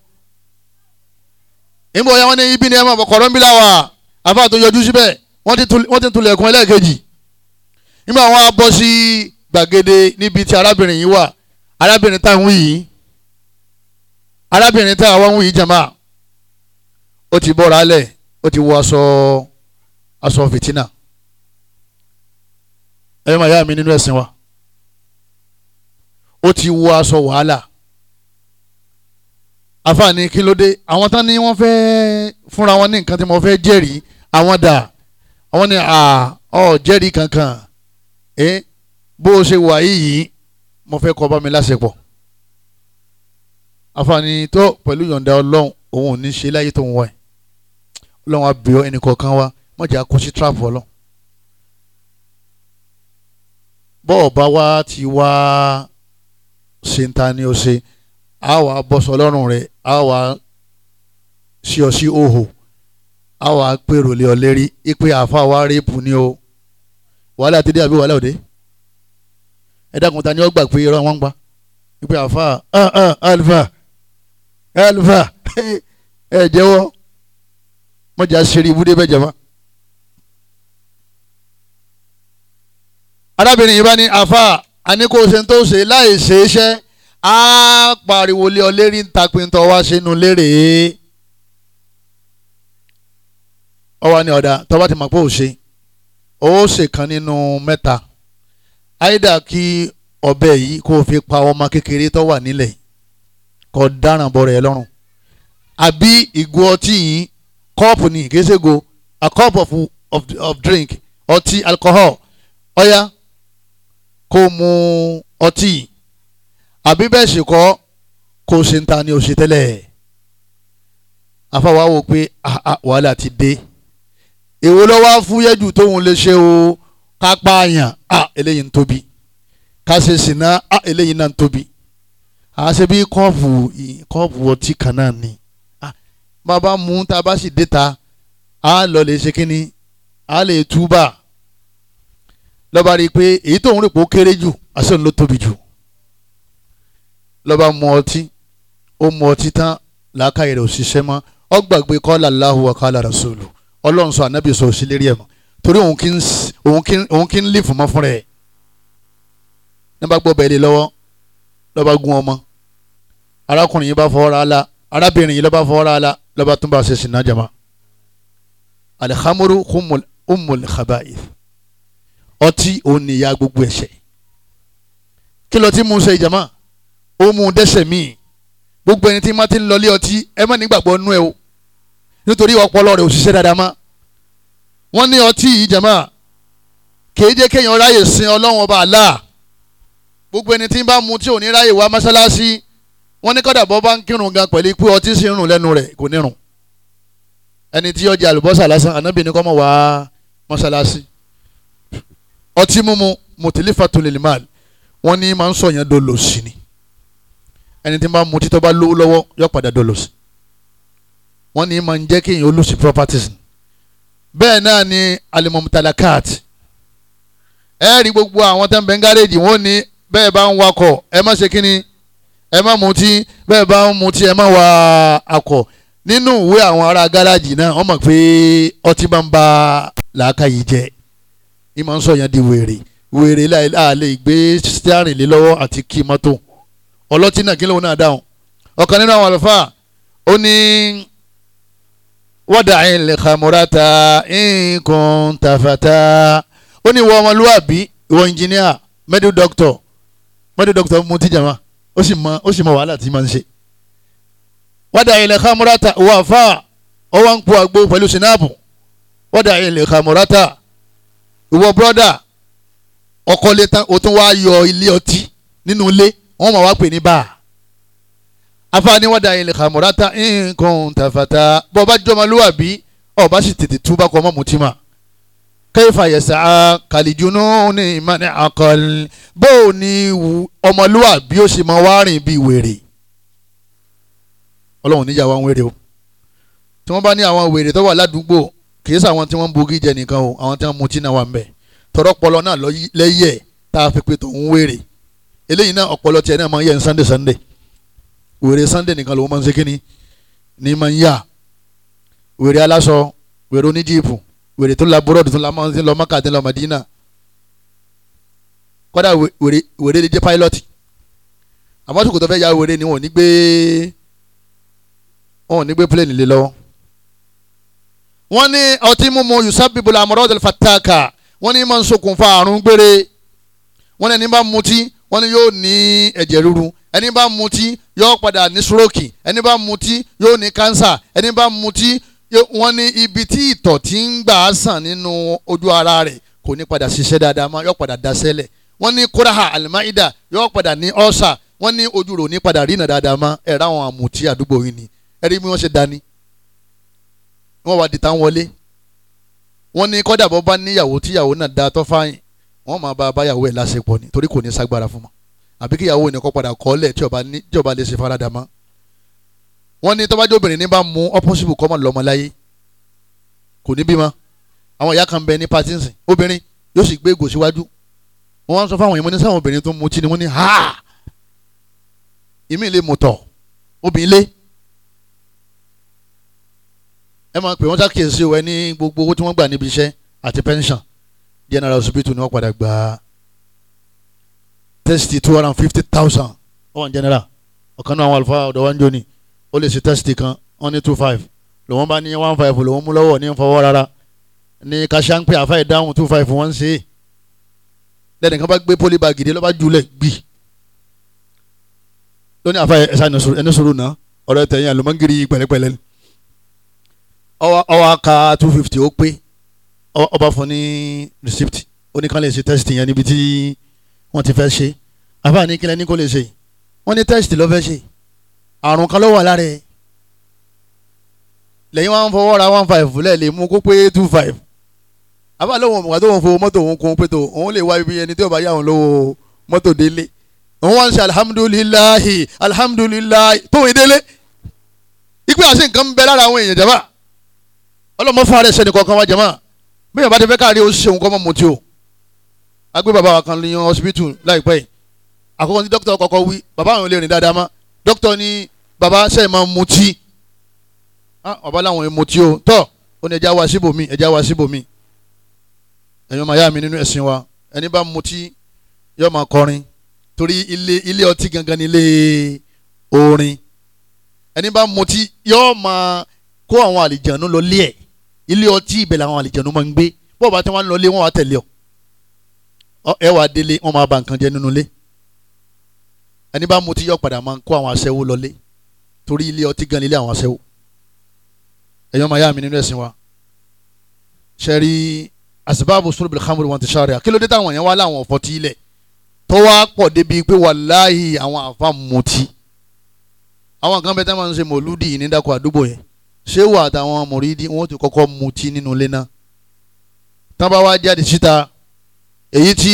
Speaker 1: níbo ya wọ́n ibi ni ẹ̀ má bọ̀ kọ̀rọ̀ ń bí láwà afá tó yọjú síbẹ̀ wọ́n ti tulẹ̀kùn ẹlẹ́ẹ̀kejì nígbà wọn á bọ́ sí gbàgede níbi tí arábìnrin yìí wà arábìnrin táwọn yìí arábìnrin táwọn yìí jama ó ti bọ́ra alẹ̀ ó ti wọ aṣọ aṣọ fìtínà ẹ̀yọ́ màá yá mi nínú ẹ̀sìn wa ó ti wọ aṣọ wàhálà àfààní kí ló dé àwọn tán ni wọ́n fẹ́ fúnra wọn ní nǹkan tí mo fẹ́ jẹ́rìí àwọn dà àwọn ni à ọ jẹ́rìí kankan ẹ bó o ṣe wà yìí mo fẹ́ kó bá mi láṣepọ̀ àfààní tó pẹ̀lú yọ̀ǹda ọlọ́run òun ò ní ṣe láyé tó ń wọ̀ ẹ́ ọlọ́run á bẹ̀ ọ́ ẹnì kọ̀ọ̀kan wa mọ̀jà kó sí tíráàpù ọlọ́run bọ́ọ̀ bá wá ti wá ṣe ń ta ni ó ṣe á wà bọ́sọ̀ lọ́rùn rẹ̀ á wà sí ọ sí òhò á wà pèrò lé ọ lérí ipe àfa wa rèépù ni o wàhálà àti dé àbí wàhálà òde ẹ ta ni ó gbà pé irọ́ wọn ń pa ipe àfa alfa alfa ẹ jẹ́wọ́ mọ̀jà ṣeré ibùdó bẹ́ẹ̀ jẹ́ wọn. arábìnrin yìí bá ní àfa àníkóṣe tó ṣe láì ṣe é ṣe á pariwo lé ọ lérí takpintọ wá sínú lérè ọwọ́ ni ọ̀dà tọ́ba ti mọ̀ pé ò ṣe ó ṣe kan nínú mẹ́ta áìdà kí ọbẹ̀ yìí kó o fi pa ọmọ kékeré tó wà nílẹ̀ kó dáràn bọ̀rẹ̀ ẹ lọ́rùn àbí ìgò ọtí yìí kọ́ọ̀pù ni kì í a cup of, of, of drink ọtí alcohol ọ̀ya. Oh, yeah kó mu ọtí àbí bẹ́ẹ̀ ṣe kọ́ kó ṣe ń ta ni ò ṣe tẹ́lẹ̀ afáwa wò pé wàhálà ti dé èwo ló wá fúyẹ́ jù tóun lè ṣe o ká pààyàn eléyìí ń tóbi ká ṣe sìnà eléyìí náà ń tóbi àṣẹ bí kọ́ọ̀pù kọ́ọ̀pù ọtí kan náà ni bàbá mú tá a bá sì dé ta a lọ lè ṣe kínní a lè túbà lọ́ba rí i pé èyí tóun rò pé ó kéré jù àsọ̀n ló tóbi jù lọ́ba mu ọtí ó mu ọtí tán làákàyè rẹ̀ ò ṣiṣẹ́ mọ́ ó gbàgbé kọ́lá Allahu wa kọ́lá rasulu ọlọ́run sọ ànábì sọ òṣìlẹ̀ rí ẹ̀ mọ́ torí òun kí ń lè fún mọ́ fún rẹ̀ nígbà gbọ́ bẹ́ẹ̀ lé lọ́wọ́ lọ́ba gun ọmọ arákùnrin yìí bá fọwọ́ ra la arábìnrin yìí lọ́ba fọwọ́ ra la lọ́ba tún ṣe sìnà jama alihamuru humul khaba'ith ọtí òun ni ìyá gbogbo ẹ̀ṣẹ̀ kí ló ti mú un ṣe ìjàmá ó mú un dẹ́ṣẹ̀ míì gbogbo ẹni tí má ti ń lọlé ọtí ẹ má nígbàgbọ́ nú ẹ o nítorí ọpọlọ rẹ ò ṣiṣẹ́ dáadáa mọ́ wọ́n ní ọtí yìí jàmá kìí jẹ́ kéèyàn ráyè sin ọlọ́run ọba àlá gbogbo ẹni tí ń bá mu tí ò ní ráyè wá mọ́ṣáláṣí wọ́n ní kọ́dà bọ́ bá ń kírun gan pẹ̀lú pé ọtí sì ń rùn lẹ́nu rẹ̀ kò ní rùn ẹni tí ó àlùbọ́sà lásán ànábì ní wá mọ́ṣáláṣí ọtí mímu mutilifa tolilimal wọ́n ní máa ń sọ̀yàn dolosi ni ẹni tí máa ń mutí tó bá lówó lọ́wọ́ yọ padà dolosi wọ́n ní máa ń jẹ́ kéèyàn olùsí properties ni bẹ́ẹ̀ náà ni alimọ̀mùtàlákàt ẹ rí gbogbo àwọn tó ń bẹ ń gáréèjì wọ́n ní bẹ́ẹ̀ bá ń wakọ̀ ẹ má ṣe kínni ẹ má mutí bẹ́ẹ̀ bá ń mutí ẹ má wa akọ̀ nínú ìwé àwọn ará gáráàjì náà wọ́n mọ̀ pé ọtí bá ń ba làákàyè jẹ́ ní máa ń sọ yẹn di wèrè wèrè láàlè gbé stiarin lé lọ́wọ́ àti kí mọ́tò ọlọ́tí náà kí lóun náà dáhùn ọ̀kan nínú àwọn àlùfáà ó ní wọ́dà ilẹ̀ kàmúrátà nǹkan tàfàtà ó ní ìwọ ọmọlúwàbí ìwọ ẹnjìníà mẹ́díò dọ́kítọ̀ mẹ́díò dọ́kítọ̀ mú tíjàmá ó sì mọ ó sì mọ wàhálà tí máa ń ṣe. wọ́dà ilẹ̀ kàmúrátà wà fáà ọwọ́ ń po àgbo pẹ̀lú sinapu wọ́dà ilẹ̀ kàmúrátà ìwọ brọ́dà ọkọ lé tán o tún wá yọ ilé ọtí nínú ilé wọn máa wá pè ní báà afaani wọn da ilẹ̀ kàmúrata nǹkan tàfàtà bọ́ ọba jọmọlúwàbí ọba sì tètè túbà kọ́ ọmọ mutí ma kẹfà yẹsà kàlíjúnú ní ìmọ̀ni àkọlẹ̀ bóò ni ọmọlúwàbí ó sì máa wá rìn bí wèrè ọlọ́run níjà wa ń wèrè o tí wọ́n bá ní àwọn wèrè tó wà ládùúgbò kì í sàwọn tí wọ́n ń bugi jẹ nìkan o àwọn tí wọ́n mutí náà wà ń bẹ̀ tọ́rọ ọpọlọ náà lẹ́yẹ̀ tá a fi pe tòun wéèrè eléyìí náà ọpọlọ tiẹ̀ náà máa ń yẹ ní sunday sunday wèrè sunday nìkan lòun máa ń ṣe kínní ní máa ń yà wèrè aláṣọ wèrè oníjìpù wèrè tó la búrọ́dù tó la máa ń sin lọ mọ́kà àti lọ màdínà kọ́dà wèrè wèrè lè jẹ́ pilọ́tì àmọ́ fẹ́ ya wèrè ni wọn ò ní gbé wọn ò ní gbé plane lé lọ́wọ́ wọ́n ní ọtí mímu yusabibu amradil fataka wọ́n ní máa ń ṣokùnfà àrùn gbére wọ́n ní ẹni bá mutí wọ́n ní yóò ní ẹ̀jẹ̀ ríru ẹni bá mutí yóò padà ní stroke ẹni bá mutí yóò ní cancer ẹni bá mutí wọ́n ní ibi tí ìtọ̀ ti ń gbà á sàn nínú ojú ara rẹ̀ kò ní padà ṣiṣẹ́ dáadáa mọ́ yóò padà daṣẹ́lẹ̀ wọ́n ní kóraha alimaida yóò padà ní ulcer wọ́n ní ojú rò ní padà rínà dáadáa mọ́ ẹ̀rọ àmùtí àdúgbò yìí ni ẹ̀rí bí wọ́n ṣe dání wọ́n wá di tán wọlé wọ́n ní kọ́dà bọ́ bá níyàwó tíyàwó náà da tọ́ fáyìn wọ́n máa bá báyàwó ẹ̀ láṣepọ̀ ni torí kò ní ságbára fún wọn àbí kíyàwó ẹ̀ nìkan padà kọ́ lẹ̀ tí ọba lè ṣe farada mọ́ wọ́n ní tọ́bájú obìnrin ní bá mú ọ́pọ́sibù kọ́mọ lọ́mọ láyé kò ní bímọ àwọn ìyá kan bẹ ní patinsin obìnrin yóò sì gbé ègò síwájú wọ́n wá sọ fáwọn ìmọ̀ ní obìnrin tó mutí ni wọ́n ní ha ìmí ilé mọ̀tọ̀ obìnrin lé ẹ máa pè wọ́n ṣàkíyèsí o ẹ ní gbogbo owó tí wọ́n gbà níbi iṣẹ́ àti pension general hospital ni wọ́n padà gba test two hundred and fifty thousand ọ̀hún general ọ̀kan náà àwọn àlùfáà ọ̀dọ̀ wa ń jóni ó lè ṣe test kan wọ́n ní two five lòun bá ní one five lòun mú lọ́wọ́ ní fọwọ́ rárá ní kàṣà ń pè àfáà ìdáhùn two five wọ́n ń ṣe é lẹ́nìkan bá gbé pólí bá gidi lọ́ba jùlẹ̀ gbì lónìí àfáà ẹ̀ṣá ẹni sòrò náà ọ̀rọ̀ ẹ̀tẹ̀yìn àlùmọ́ngìrì pẹ̀lẹ́pẹ̀lẹ́ ni ọwọ́ aka two fifty ó pé ọba fún ní receipt ó ní kán lè ṣe test yẹn níbi tí wọ́n ti fẹ́ ṣe àbá ní kílẹ̀ ní kò lè ṣe wọ́n ní test ló fẹ́ ṣe àrùn kan ló wà lára ẹ̀ lẹ́yìn wọn fọwọ́ ra one five lẹ́ẹ̀ lè mú kó pé two five àbá lóun ọ̀gá tó ń fowó mọ́tò òun kún pétò òun lè wá ibi ẹni tí ó bá yá òun lówó mọ́tò délé òun wá ń ṣe alihamudulilayi alihamudulilayi tóun délé ìpè àṣẹ nǹkan ń bẹ lára àwọn èèyàn jàmbá ọlọ́mọ fàárẹ̀ sẹ́ni kankan wá jẹ́mọ́ bí yàrá bá ti fẹ́ káàrí o ṣeun kọ́ mọ́ mutí o agbé bàbá wa kan ní ọsibítù láìpẹ́ yìí àkọ́kọ́ ní dókítà kọ́kọ́ wí bàbá àwọn ò lè rìn dáadáa mọ́ dókítà ní bàbá sẹ́yìn máa mutí ah, bàbá làwọn ò mutí o tọ́ ó ní ẹja wá síbòmí ẹja wá síbòmí ẹ̀yin ọmọ ayá mi nínú ẹ̀sìn wa ẹni bá mutí yóò máa kọrin torí ilé ilé ọtí gangan ni orin ẹni bá mutí yóò máa kó àwọn àlìjànú lọ lé ẹ̀ ilé ọtí ibẹ̀ làwọn àlìjẹ̀nu máa ń gbé bọ́ọ̀ bá tí wọ́n lọ ilé wọn wá tẹ̀lé ọ ẹ wàá délé wọn máa ba nǹkan jẹ nínú ilé ẹni bá mutí yọ padà máa ń kó àwọn aṣẹ́wó lọlé torí ilé ọtí gan ilé àwọn aṣẹ́wó ẹ̀yọ́ máa yá mi nínú ẹ̀sìn wa ṣe rí asibabu surubil khamri wọn ti ṣàrẹ̀ akílódé táwọn yẹn wá láwọn ọ̀fọ́ tí ilẹ̀ tó wá pọ̀ débi pé wàláhì àwọn àfa mutí àwọn kan bẹ́ẹ̀ tá máa ń ṣe mọ̀lúdì ní àdúgbò yẹn ṣéwù àtàwọn mùrídì wọn ti kọ́kọ́ mutí nínú ilé náà tán bá wá jáde síta èyí tí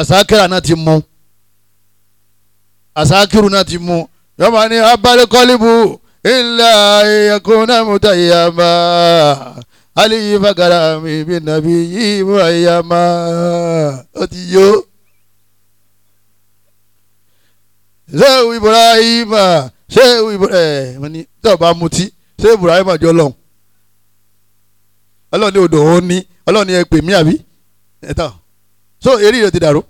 Speaker 1: àsákẹ́rà náà ti mu àsákẹ́rù náà ti mu yọ̀ọ́ máa ní abálẹ́kọ́líbù ilẹ̀ ẹ̀kọ́ náà mú tàyè àmà aliyi fagara mi bi nabi yi mu ayama o ti yo. ṣé ibrahima ṣé ibrahima ẹ eh, mo ní tí mutí ṣé ibrahim àjọ ọlọ́run ọlọ́run ní odò òun ní ọlọ́run ní ẹ pè àbí ẹ so eré rẹ ti dàrú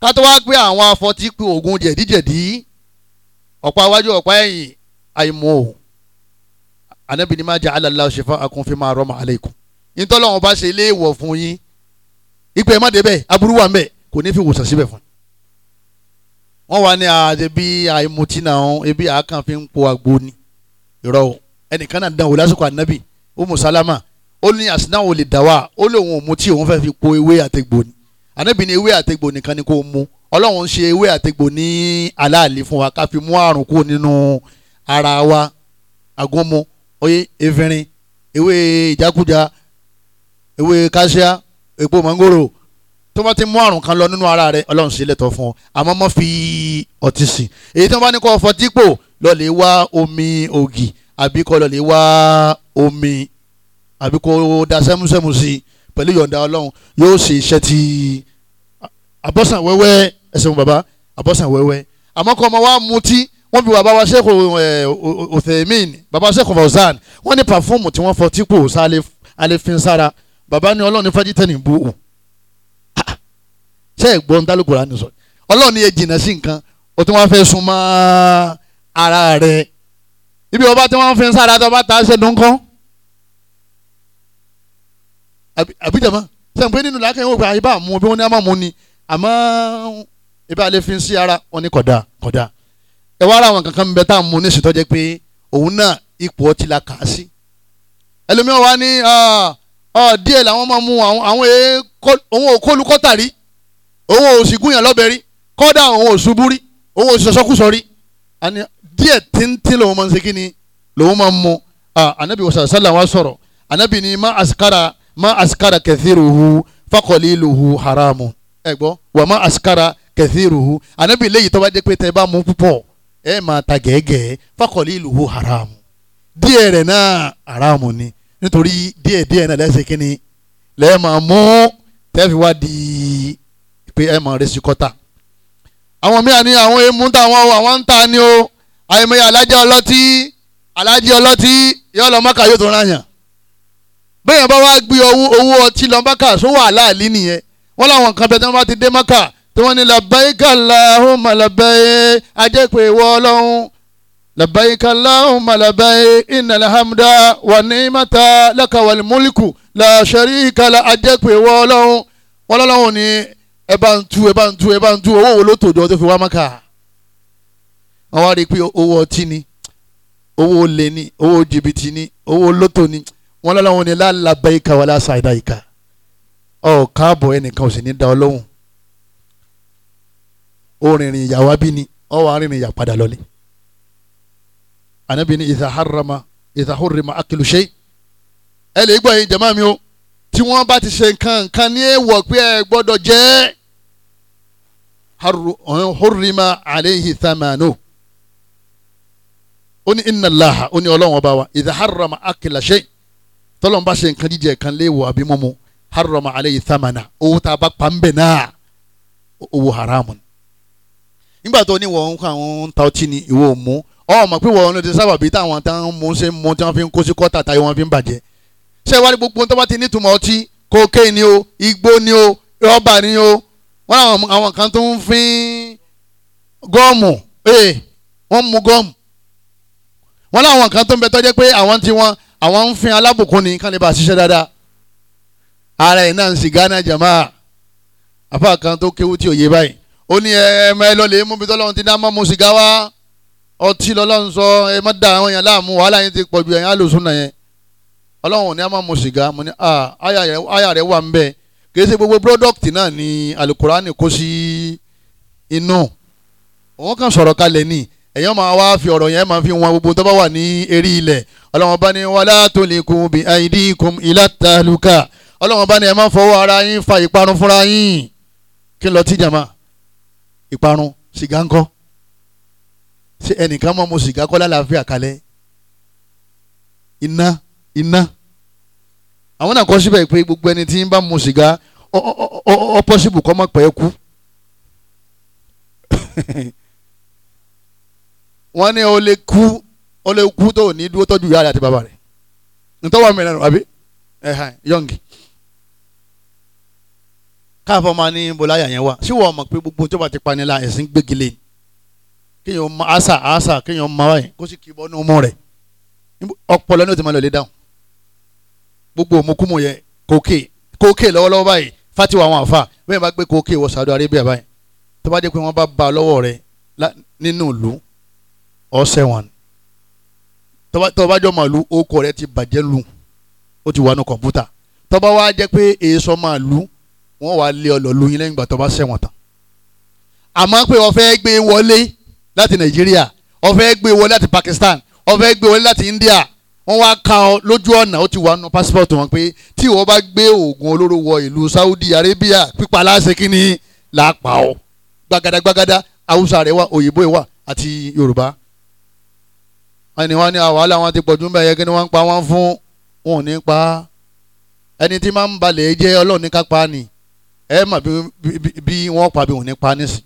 Speaker 1: kátó wá gbé àwọn afọtí pé oògùn jẹ̀díjẹ̀dí ọ̀pá iwájú ọ̀pá ẹ̀yìn àìmọ̀ o anabi ni ma jẹ alala ṣẹfà akunfin ma rọ ma aleikum ntọ́lọ́wọ́n bá ṣe ilé ìwọ̀ fún yín ìpè má débẹ̀ aburú wà ń kò ní fi wòsàn síbẹ̀ fún yín wọ́n wà ní àdébí ah, àìmùtí náà ebi àákàn fi ń po àgbo ni irọ́ o ẹnìkan náà dán o lásìkò ànábì Umu Salama ó ní àsìnáwó lè dà wá ó lóun ò mu tí òun fẹ́ fi po ewé àtẹ̀gbò ni ànábì ní ewé àtẹ̀gbò nìkan ni kò mu ọlọ́run ń ṣe ewé àtẹ̀gbò ní aláàlè fún wa ká fi mú àrùn kúrò nínú ara wa àgúnmu oyè efirin ewé ìjákújá ewé káṣíá èpo mangoro tó bá ti mú àrùn kan lọ nínú ara rẹ ọlọ́run sì lẹ́tọ̀ fún ọ àmọ́ mọ́ fi ọtí sìn èyí tí wọ́n bá ní kọ́ ọ fọtí pò wá omi ògì àbí kọ́ lọ́ọ́ wá omi àbí kó da sẹ́mùsẹ́mù sí i pẹ̀lú yọ̀ǹda ọlọ́run yóò ṣe iṣẹ́ ti àbọ̀sàn wẹ́wẹ́ ẹsẹ̀ mu bàbá àbọ̀sàn wẹ́wẹ́ àmọ́ kọ́ ọmọ wa mutí wọ́n bí bàbá wa sẹ́kù ọ̀tẹ̀mín eh, bàbá sẹ́kù fọ̀zán ṣe é gbọ́ ntálùkù rà ní sọ ọlọ́run yẹ jìnnà sí nǹkan o tí wọ́n fẹ́ sun mọ́ ara rẹ̀ ibi ọba tí wọ́n fi ń sára tó bá ta ṣe dùn kán àbíjàmá sẹ́yìn pé nínú làákàyè wò pé àyè bá mú bí wọ́n ní àmọ́ mú ni àmọ́ ibà lè fi sí ara wọn ní kódà kódà ẹ wá ara àwọn kankan bẹ tá a mú ní ìṣètò jẹ pé òun náà ipò ọtí la kà á sí ẹlòmíràn wá ní ah, ah, díẹ̀ làwọn máa mú àwọn èèkó òun ò kólukọ́tà rí òun ò sì gúnyàn lọ́bẹ̀ rí kọ́dà òun ò ṣubú rí òun ò sì sọ́kúsọ rí àní díẹ̀ tíntín lòun máa ń ṣe ni lòun máa ń mu anabi wasa sallam wa sọ̀rọ̀ anabi ni ma asikara ma asikara kathiruhu fakọliluhu haramu ẹ gbọ́ wa ma asikara kathiruhu anabi léyìí tó bá jẹ́ pé tẹ́ bá mu púpọ̀ ẹ máa ta gẹ́gẹ́ fakọliluhu haramu díẹ̀ rẹ̀ náà haramu ni nítorí díẹ̀ díẹ̀ náà lẹ́sẹ̀ kí ni lẹ́ẹ̀ máa mú tẹ́ẹ̀ pé ẹ mọ̀ resi kọ́ta àwọn míì ní àwọn emu táwọn àwọn ń ta ni o àìmọye alájẹ ọlọ́tí alájẹ ọlọ́tí yóò lọ mọ́kà yóò tó ràn yàn bẹ́ẹ̀ bá wá gbé owó owó ọtí lọ mọ́kà sówó àlàálí nìyẹn wọ́n láwọn kan bẹ tí wọ́n bá ti dé mọ́kà tí wọ́n ní labbaika Allahumma labbaik ajẹ́pẹ̀ ìwọ ọlọ́run labbaika Allahumma labbaik innal hamda wa ni'mata laka wal mulku la sharika la ajẹ́pẹ̀ ìwọ ọlọ́run wọ́n lọ́lọ́run ní ẹ bá ń tú ẹ bá ń tú ẹ bá ń tú owó wo ló tòjọ tó fi wá mọ́kà wọ́n wá rí i pé owó ọtí ni owó olè ni owó jìbìtì ni owó lótò ni wọ́n lọ́wọ́ ni lálàbẹ́ ìka wà lásà ìdá ìka ọ̀ káàbọ̀ ẹnìkan ò sì ní da ọ orinrin ìyàwó bí ni ọ wà ìyà padà lọlé ànábì ni ìsàhárama ìsàhórìmà ẹ lè gbọ́ yín jàmáà mi o tí wọ́n bá ti ṣe nǹkan nǹkan ní èèwọ̀ pé ẹ gbọ́dọ̀ jẹ́ hurrima alayhi thamanu ó ní inna Allaha ó ní ọlọ́run ọba wa idha harrama shay tọ́lọ́run bá ṣe nǹkan jíjẹ kan léèwọ̀ àbí mímu harrama alayhi thamana owó tá a bá pa ń bẹ̀ náà owó haramu nígbà tó ní wọ́n ń kọ́ àwọn ta ọtí ni ìwọ ò mú ọ mọ̀ pé wọ́n ló ti sábà bí táwọn táwọn mú ṣe mú tí wọ́n fi ń kó sí kọ́tà táyé wọ́n fi ń bàjẹ́ ṣé wàá rí gbogbo tó bá ti nítumọ̀ ọtí kokéè ni o igbó ni o rọ́bà ni o wọ́n àwọn kan tó ń fín gọ́ọ̀mù ee eh, wọ́n mu gọ́ọ̀mù wọ́n láwọn kan tó ń bẹ tọ́jú pé àwọn tí wọ́n àwọn ń fin alábùkún ni kán lè bá a ṣiṣẹ́ dáadáa ara ẹ̀ náà ń sì gánà jàmá àfa kan tó kéwú tí ò báyìí ó ní ẹ ẹ lọ lè mú mi tọ́lọ́run ti dá mọ́ mu sìgá wá ọtí lọ́lọ́run sọ ẹ má da àwọn yẹn láàmú wàhálà yẹn ti pọ̀ ju ẹ̀yìn àlòsùn náà yẹn ọlọ́run ní a máa mu sìgá mo ní àyà rẹ̀ wà ń bẹ́ẹ̀ kìí ṣe gbogbo product náà ni alukurani kó sí inú òun kàn sọ̀rọ̀ kalẹ̀ ni èèyàn máa wá fi ọ̀rọ̀ yẹn máa fi wọn gbogbo tó bá wà ní eré ilẹ̀ ọlọ́wọ́n bá ní wala tulikum bi aidikum ila taluka bá ní ẹ má fọwọ́ ara yín fa ìparun fúnra yín kí n lọ tí jàmá ìparun sìgá ńkọ́ ṣé ẹnìkan mọ́ mo sìgá kọ́ lálàáfíà kalẹ̀ iná iná àwọn náà kọ síbẹ̀ pé gbogbo ẹni tí ń bá mu sìgá ọ pọ́sibù kọ́ mọ̀ pẹ́ kú wọ́n ní o lè kú o lè kú tó ní dúró tọ́jú ìyá rẹ̀ àti bàbá rẹ̀ ntọ́wọ́ mi lẹ́nu àbí yọ̀ǹgì káfọ́ máa ní bọ́láyà yẹn wá sí wọ́n mọ̀ pé gbogbo tó bá ti pani la ẹ̀sìn gbégi lé kéèyàn ma àṣà àṣà kéèyàn ma wáyé kó sì kí bọ́ ní ọmọ rẹ̀ ọpọlọ ní o ti máa lọ lé dáhùn gbogbo òmùkúmù yẹn kòkè kòkè lọ́wọ́lọ́wọ́ báyìí fatiwa àwọn àfa bẹ́ẹ̀ bá gbé kòkè wọ Saudi Arabia báyìí tó bá jẹ́ pé wọ́n bá ba lọ́wọ́ rẹ nínú ìlú ọ̀sẹ̀ wọn tó bá jọ màlúù okò rẹ ti bàjẹ́ lu ó ti wà nù kọ̀ǹpútà tó bá wá jẹ́ pé èso màlúù wọ́n wá lé ọlọ́ lu yín lẹ́yìn ìgbà tó bá ṣẹ̀wọ̀n tán àmọ́ pé ó fẹ́ gbé wọlé láti Nàìjíríà ó fẹ́ gbé wọlé láti Pakistan ó fẹ́ gbé wọlé láti India wọ́n wá ka ọ lójú ọ̀nà ó ti wà nù pásítọ̀tù wọn pé tí ìwọ bá gbé oògùn olóró wọ ìlú Saudi Arabia pípa aláṣẹ kínní là á pa ọ gbàgàdà gbàgàdà haúsá rẹ wà òyìnbó rẹ wà àti Yorùbá. ẹni wọn ní wàhálà wọn ti pọ̀jù mbẹ́ yẹ kí ni wọ́n ń pa wọ́n fún wọn ò ní pa á ẹni tí máa ń balẹ̀ jẹ́ Ọlọ́run ní ká ẹ mà bí wọ́n pa bí wọ́n ní pa á nísì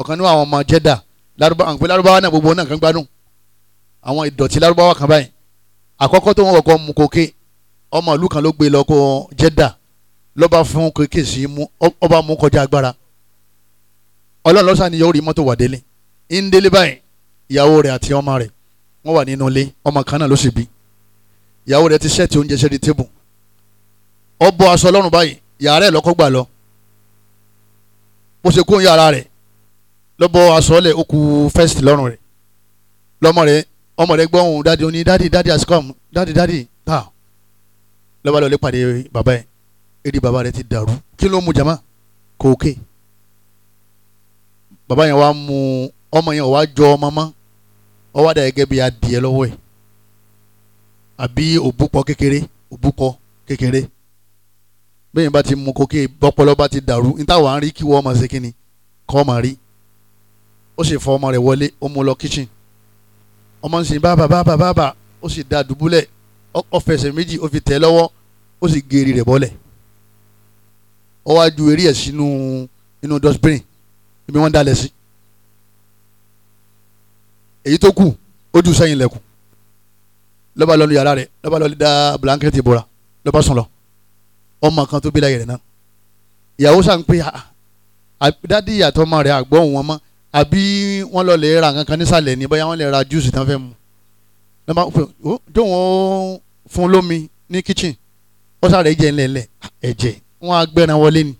Speaker 1: ọ̀kan ní àwọn ọmọ Jẹ́dà lárúbáwá àwọn ìdọ̀tí lárúbáwá kan báyìí àkọ́kọ́ tó wọ́n kọ́kọ́ mu koke ọmọ ìlú kan ló gbé lọ kó jẹ́dà lọ́ba fún kéèké sí mú ọba mú kọjá agbára ọlọ́run lọ́sàn ni yóò rí mọ́tò wà délé ń délé báyìí ìyàwó rẹ̀ àti ọmọ rẹ̀ wọ́n wà nínú ilé ọmọ kan náà ló sì bí ìyàwó rẹ̀ ti sẹ́ẹ̀tì oúnjẹ sẹ́ẹ̀dì tébù ọ aṣọ ọlọ́run báyìí yàrá ẹ̀ lọ́kọ́ gbà lọ bó ṣe kó yàrá rẹ̀ lọ́bọ̀ aṣọ ọlẹ̀ ó fẹ́st lọ́rùn rẹ̀ lọ́mọ rẹ̀ ọmọ rẹ gbọ́n òun dáàdi oní dáàdi dáàdi has come dáàdi dáàdi ta lọ́ba lọ́ọ́ lè pàdé bàbá yẹn èdè bàbá rẹ ti dàrú kí ló mu jama kòókè bàbá yẹn wá mu ọmọ yẹn wá jọ ọmọ mọ́ ọwọ́ àdá gẹ́gẹ́ bí adìẹ lọ́wọ́ ẹ̀ àbí òbúkọ kékeré òbúkọ kékeré bẹ́ẹ̀ bá ti mu kókè bọ́pọlọ bá ti dàrú níta wàá rí kí wọ́n ọmọ ṣe kínni kọ́ ọmọ rí ó sì fọ ọmọ rẹ̀ wọlé ó mú lọ kíchìn ọmọ ń sin bàbà bàbà bàbà ó sì da dùbúlẹ̀ ó fẹsẹ̀ méjì ó fi tẹ̀ lọ́wọ́ ó sì gèrè rẹ̀ bọ́lẹ̀ ó wá ju eré ẹ̀ sínú inú dustbin ibi wọ́n dalẹ̀ sí èyí tó kù ó jù sẹ́yìn lẹ́kùn lọ́ba lọ́nu yàrá rẹ̀ lọ́ba lọ́nu da blanket bora lọ́ba sùn lọ ọmọ kan tó bí láyé rẹ̀ náà ìyàwó sàn pé ah, ah, ah, dádì ìyàtọ̀ ọmọ rẹ̀ àgbọ̀ òun wọn àbí wọ́n lọ lè ra nǹkan kan nísàlẹ̀ ní bóyá wọ́n lè ra júùsì tán fẹ́ mu lọ́ máa ń pè ó tó wọ́n fún lómi ní kitchen ó sáré jẹ́ ńlẹ̀ńlẹ̀ ah, ẹ̀jẹ̀ wọ́n á gbẹ́ran wọlé ni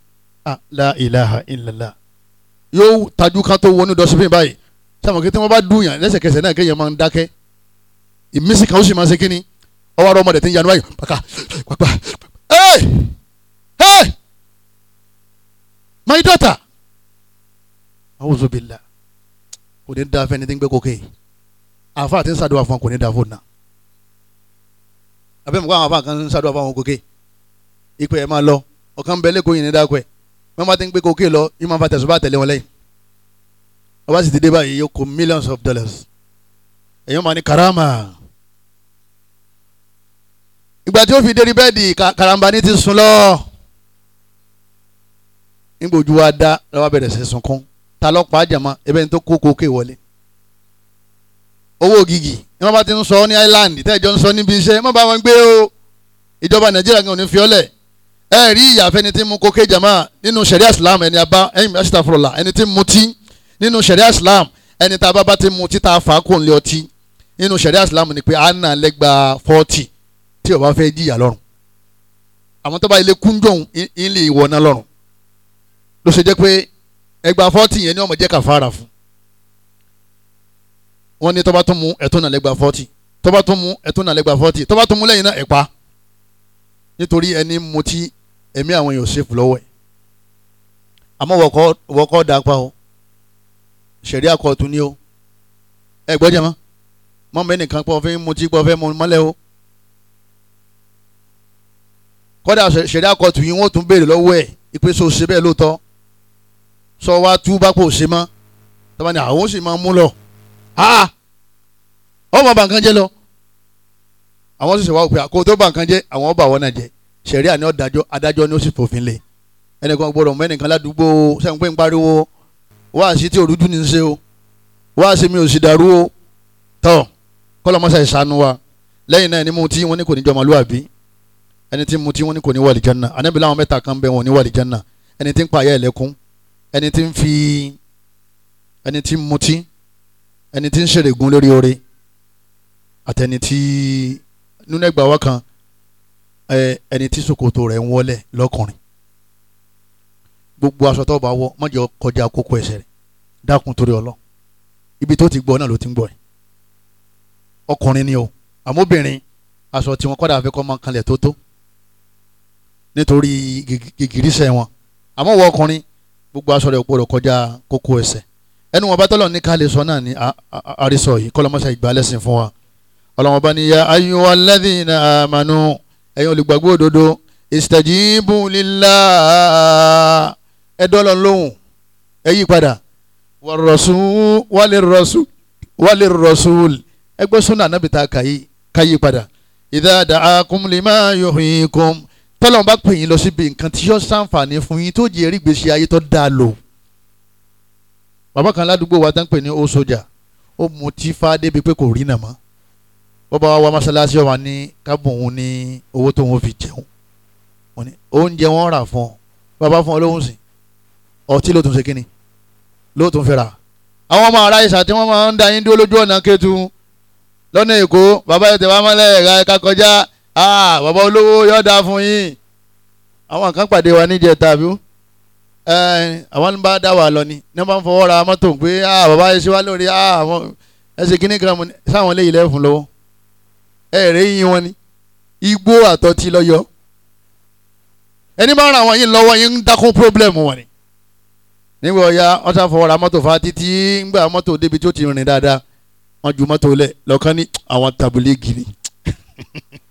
Speaker 1: ah, la ilaha illallah yóò tajú ká tó wọnú dọ́sípìn báyìí sábà kí tí wọ́n bá dùnyàn lẹ́sẹ̀kẹsẹ̀ náà kéèyàn máa ń dákẹ́ ìmísí kan ó sì máa ń ṣe kínní ọwọ́ àrọ́ ọmọdé tí ń yanu báyìí pàkà pàkà hey hey my daughter awuzubillah kò ní da fẹ́ni tí ń gbé kókè àfa àti ń ṣàdúrà fún kò ní da fóònù náà àbẹ́mu kó àwọn afa kan ń ṣàdúrà fún àwọn kókè ìpè ẹ̀ máa lọ ọ̀kan bẹ lẹ́kọ̀ọ́ yìí ní dáko ẹ̀ wọ́n bá ti ń gbé kókè lọ yìí máa fa tẹ̀sùbá tẹ̀lé wọn lẹ́yìn ọba sì ti dé báyìí yóò kó millions of dollars èyàn máa ní karama ìgbà tí ó fi dérí bẹ́ẹ̀dì karamba ní ti sùn lọ nígbà ojú wa dá lọ́wọ́ bẹ̀rẹ̀ sí sunkún ta lọ pa àjàmọ́ ebe n tó kó kókè wọlé owó ògìgì ní wọ́n bá ti ń sọ ní island tẹ́jọ́ ń sọ níbi iṣẹ́ má bá wọn gbé o ìjọba nàìjíríà kan ò ní fi ọ́lẹ̀ ẹ rí ìyá fẹni tí mu kókè jama nínú sharia islam ẹni abá ẹni asitafurula ẹni tí mu tí nínú sharia islam ẹni tá a bá bá ti mu tí tá a fà á kò ń lé ọtí nínú sharia islam ni pé a nà lẹ́gba fọ́ọ̀tì tí o bá fẹ́ jìyà lọ́rùn àwọn tó bá ilé kúnjọ́hún ilé ìwọ̀nà lọ́rùn ló ṣe jẹ́ pé ẹgbàá fọ́tì yẹn ni ọmọ jẹ́ kàfàrà fún wọ́n ní tọ́ba tó mú ẹ̀tún náà lẹ́gbàá fọ́tì tọ́ba tó mú ẹ̀tún náà lẹ́gbàá fọ́tì tọ́ba tó mú lẹ́yìn náà ẹ̀pa nítorí ẹni mutí ẹ̀mí àwọn èèyàn ṣèfù lọ́wọ́ ẹ̀ àmọ́ wọ́kọ́ da pa o ṣẹ̀rí àkọ́tún ni o ẹ gbọ́dọ̀ mọ́ mọ́ mi nìkan pọ̀ fẹ́ mutí pọ̀ fẹ́ mú mọ́lẹ̀ o kọ́dà ṣẹ̀rí àkọ́tún yìí wọ́n tún béèrè lọ́wọ́ ẹ̀ ìpèsè òṣèbẹ́ lóòótọ́ sọ wá tú bá kò ṣe mọ́ tọ́ba ni àwọn sì máa mú lọ ọmọ bá nǹkan jẹ́ lọ àwọn sì ṣe wá òpè àkó tó bá nǹkan jẹ́ àwọn ọba àwọn náà jẹ́ sẹ̀ríà ni ọ̀dájọ́ adájọ́ ni ó sì fòfin lé ẹnìkan gbọ́dọ̀ mọ ẹnìkan ládùúgbò sẹ́ńpé ń pariwo wáàsí tí òrùjú ni ń ṣe o wáàsí mi ò sì dàrú o tọ́ kọ́lọ́mọ́sá ìsanu wa lẹ́yìn náà ẹni mu tí wọ́n ní kò ní jọ ọmọlúwàbí ẹni tí mu tí wọ́n ní kò ní wà lìjánná ànábì láwọn mẹ́ta kan bẹ wọn ní wà lìjánná ẹni tí ń pa àyà ẹni tí ń fi ẹni tí ń mutí ẹni tí ń ṣèrègùn lórí oore àtẹni tí nínú ẹgbàá wa kan ẹni tí ṣòkòtò rẹ̀ ń wọlẹ̀ lọ́kùnrin gbogbo aṣọ tó bá wọ má jẹ́ kọjá kókó ẹsẹ̀ rẹ̀ dákun torí ọlọ́ ibi tó ti gbọ́ náà ló ti ń gbọ́ ẹ̀ ọkùnrin ni o àmóbìnrin aṣọ tí wọn kọ́ dà fẹ́ kọ́ máa kanlẹ̀ tó tó nítorí gìgìrísẹ̀ wọn àmọ́ wọ ọkùnrin gbogbo aṣọ rẹ̀ gbọ́dọ̀ kọjá kókó ẹsẹ̀ ẹnu wọn bá tọ́lọ̀ ní ká lè sọ náà ní àrísọ yìí kọ́lọ́mọṣà ìgbàlẹ́sìn fún wa ọlọ́wọ́n bá ní ya ayyuhal ladhina amanu ẹ̀yin olùgbàgbọ́ òdodo istajibu lillah ẹ̀dọ́lọ́ lóhùn ẹ yí padà walir rasul walir rasul ẹgbẹ́ súnà nàbìtà kàyí káyí padà idha da'akum lima yuhyikum tọ́lọ́run bá pè yín lọ síbi nǹkan tí yóò ṣàǹfààní fún yín tó jẹ́ erígbèsè ayé tó dáa lò bàbá kan ládùúgbò wa tán pè ní ó sójà ó mu tí fá débi pé kò rí nàmọ́ bọ́bá wa wá mọ́ṣáláṣí wa ní kábùn òun ní owó tó wọn fi jẹun oúnjẹ wọn rà fún ọ bàbá fún ọ lóhùn sí ọtí ló tún ṣe kínni ló tún fẹ́ rà àwọn ọmọ ará ìṣà tí wọ́n máa ń da yín dúró lójú ọ̀nà kẹtù lọ́nà èkó bàbá ẹ̀ tẹ̀ mọ́lẹ̀ ẹ̀ka kọjá ah bàbá olówó yọ̀dà fún yín àwọn kan pàdé wa níjẹ tàbí eh, àwọn ń bá dá wà lọ ni ní wọ́n bá ń fọwọ́ ra mọ́tò pé ah bàbá ẹ ṣe wá lórí ah àwọn ẹsẹ̀ kínní kan mu sáwọn lè ilẹ̀ fún lọ́wọ́ ẹ rẹ̀ yín wọn ni igbó àtọ́tí lọ́yọ́ ẹni bá ń ra àwọn yìí lọ́wọ́ yín ń dákún pírọ́blẹ̀mù wọn ni nígbà ọ̀ya wọ́n sá fọwọ́ ra mọ́tò fa títí ńgbà mọ́tò débi tó ti rìn dáadáa wọ́n ju mọ́tò lẹ̀ lọ́kàn ní àwọn tàbílẹ̀ gírí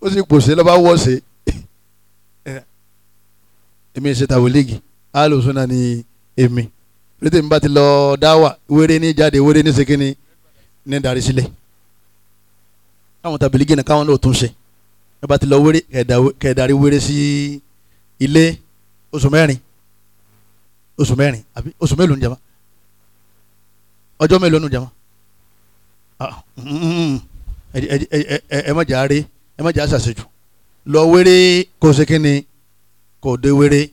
Speaker 1: ó sì pòṣe lọ́ba wọ́ọ̀ṣe èmi ṣe tàwọn léegi alòsùn náà ni èmi lóde mi bá ti lọ dáwà wéré ní jáde wéré ní sekini ní darí sílẹ̀ káwọn tàbílígì náà káwọn náà tún ṣe ẹ bá ti lọ wéré kẹ̀dárí wéré sí ilé oṣù mẹ́rin oṣù mẹ́rin àbí oṣù mélòó ní jama ọjọ́ mélòó ní jama ẹ má jà rí ẹ má jà sàṣejù lọ wéré kó o ṣe kí ni kó o dé wéré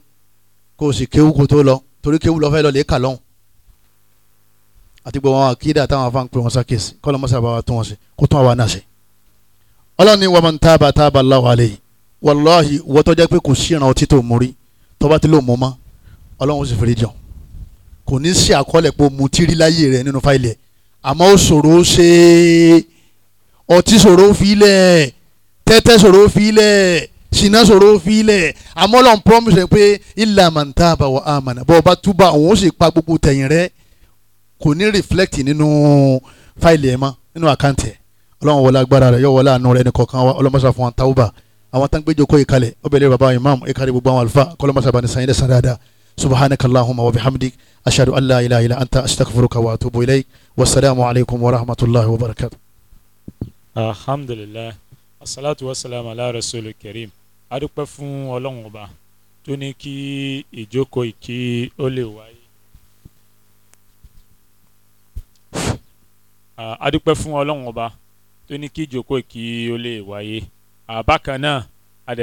Speaker 1: kó o sì kéwú kó o tó lọ torí kéwú lọ fẹ́ lọ lè kà lọ́hùn àti gbogbo àwọn àkídà táwọn afáàn pè wọn ṣàkíyèsí kọ́lọ́ mọ́sá bá wa tún wọn ṣe kó tún àwa náà ṣe. ọlọ́ni wa máa ń tábà tábà láwa lè wàláhì wọ́tọ́jẹ́ pé kò sí ìran ọtí tó mórí tọ́ba tí mú mọ́ ọlọ́run sì fèrè jọ kò ní sí àkọọ́lẹ̀ pé o mu tírí láyé rẹ nínú fáìlì ẹ̀ àmọ́ ó ṣòro ṣe é ọtí ṣòro filẹ̀ tẹ́tẹ́ ṣòro filẹ̀ ṣìnà ṣòro filẹ̀ àmọ́ Ọlọ́run promise rẹ pé illa man taba wa amana bọ́ ọba túbà òun ó sì pa gbogbo tẹ̀yìn rẹ kò ní reflect nínú fáìlì ẹ̀ mọ́ nínú àkáǹtì ẹ̀ Ọlọ́run wọlé agbára rẹ yọ wọlé àánú rẹ nìkọ̀ọ̀kan wa ọlọ́mọṣà fún wa tàwùbà àwọn tán kó ìkalẹ̀ ọbẹ̀ lè bàbá imam ìkàlẹ̀ gbogbo àwọn àlùfáà kọlọ́mọṣà bá ní sanyẹ́lẹ̀ sàn dáadáa subhanakallahumma wa bihamdik ashhadu an ilaha illa anta astaghfiruka wa atubu ilayk wassalamu alaykum wa rahmatullahi wa barakatuh alhamdulilayi asalaatu wasalaam ala rasuli kareem adúpẹ́ fún ọlọ́run ọba tó ní kí ìjókòó ìkí ó lè wáyé. adúpẹ́ fún ọlọ́run ọba tó ní kí ìjókòó ìkí ó lè wáyé. bákan náà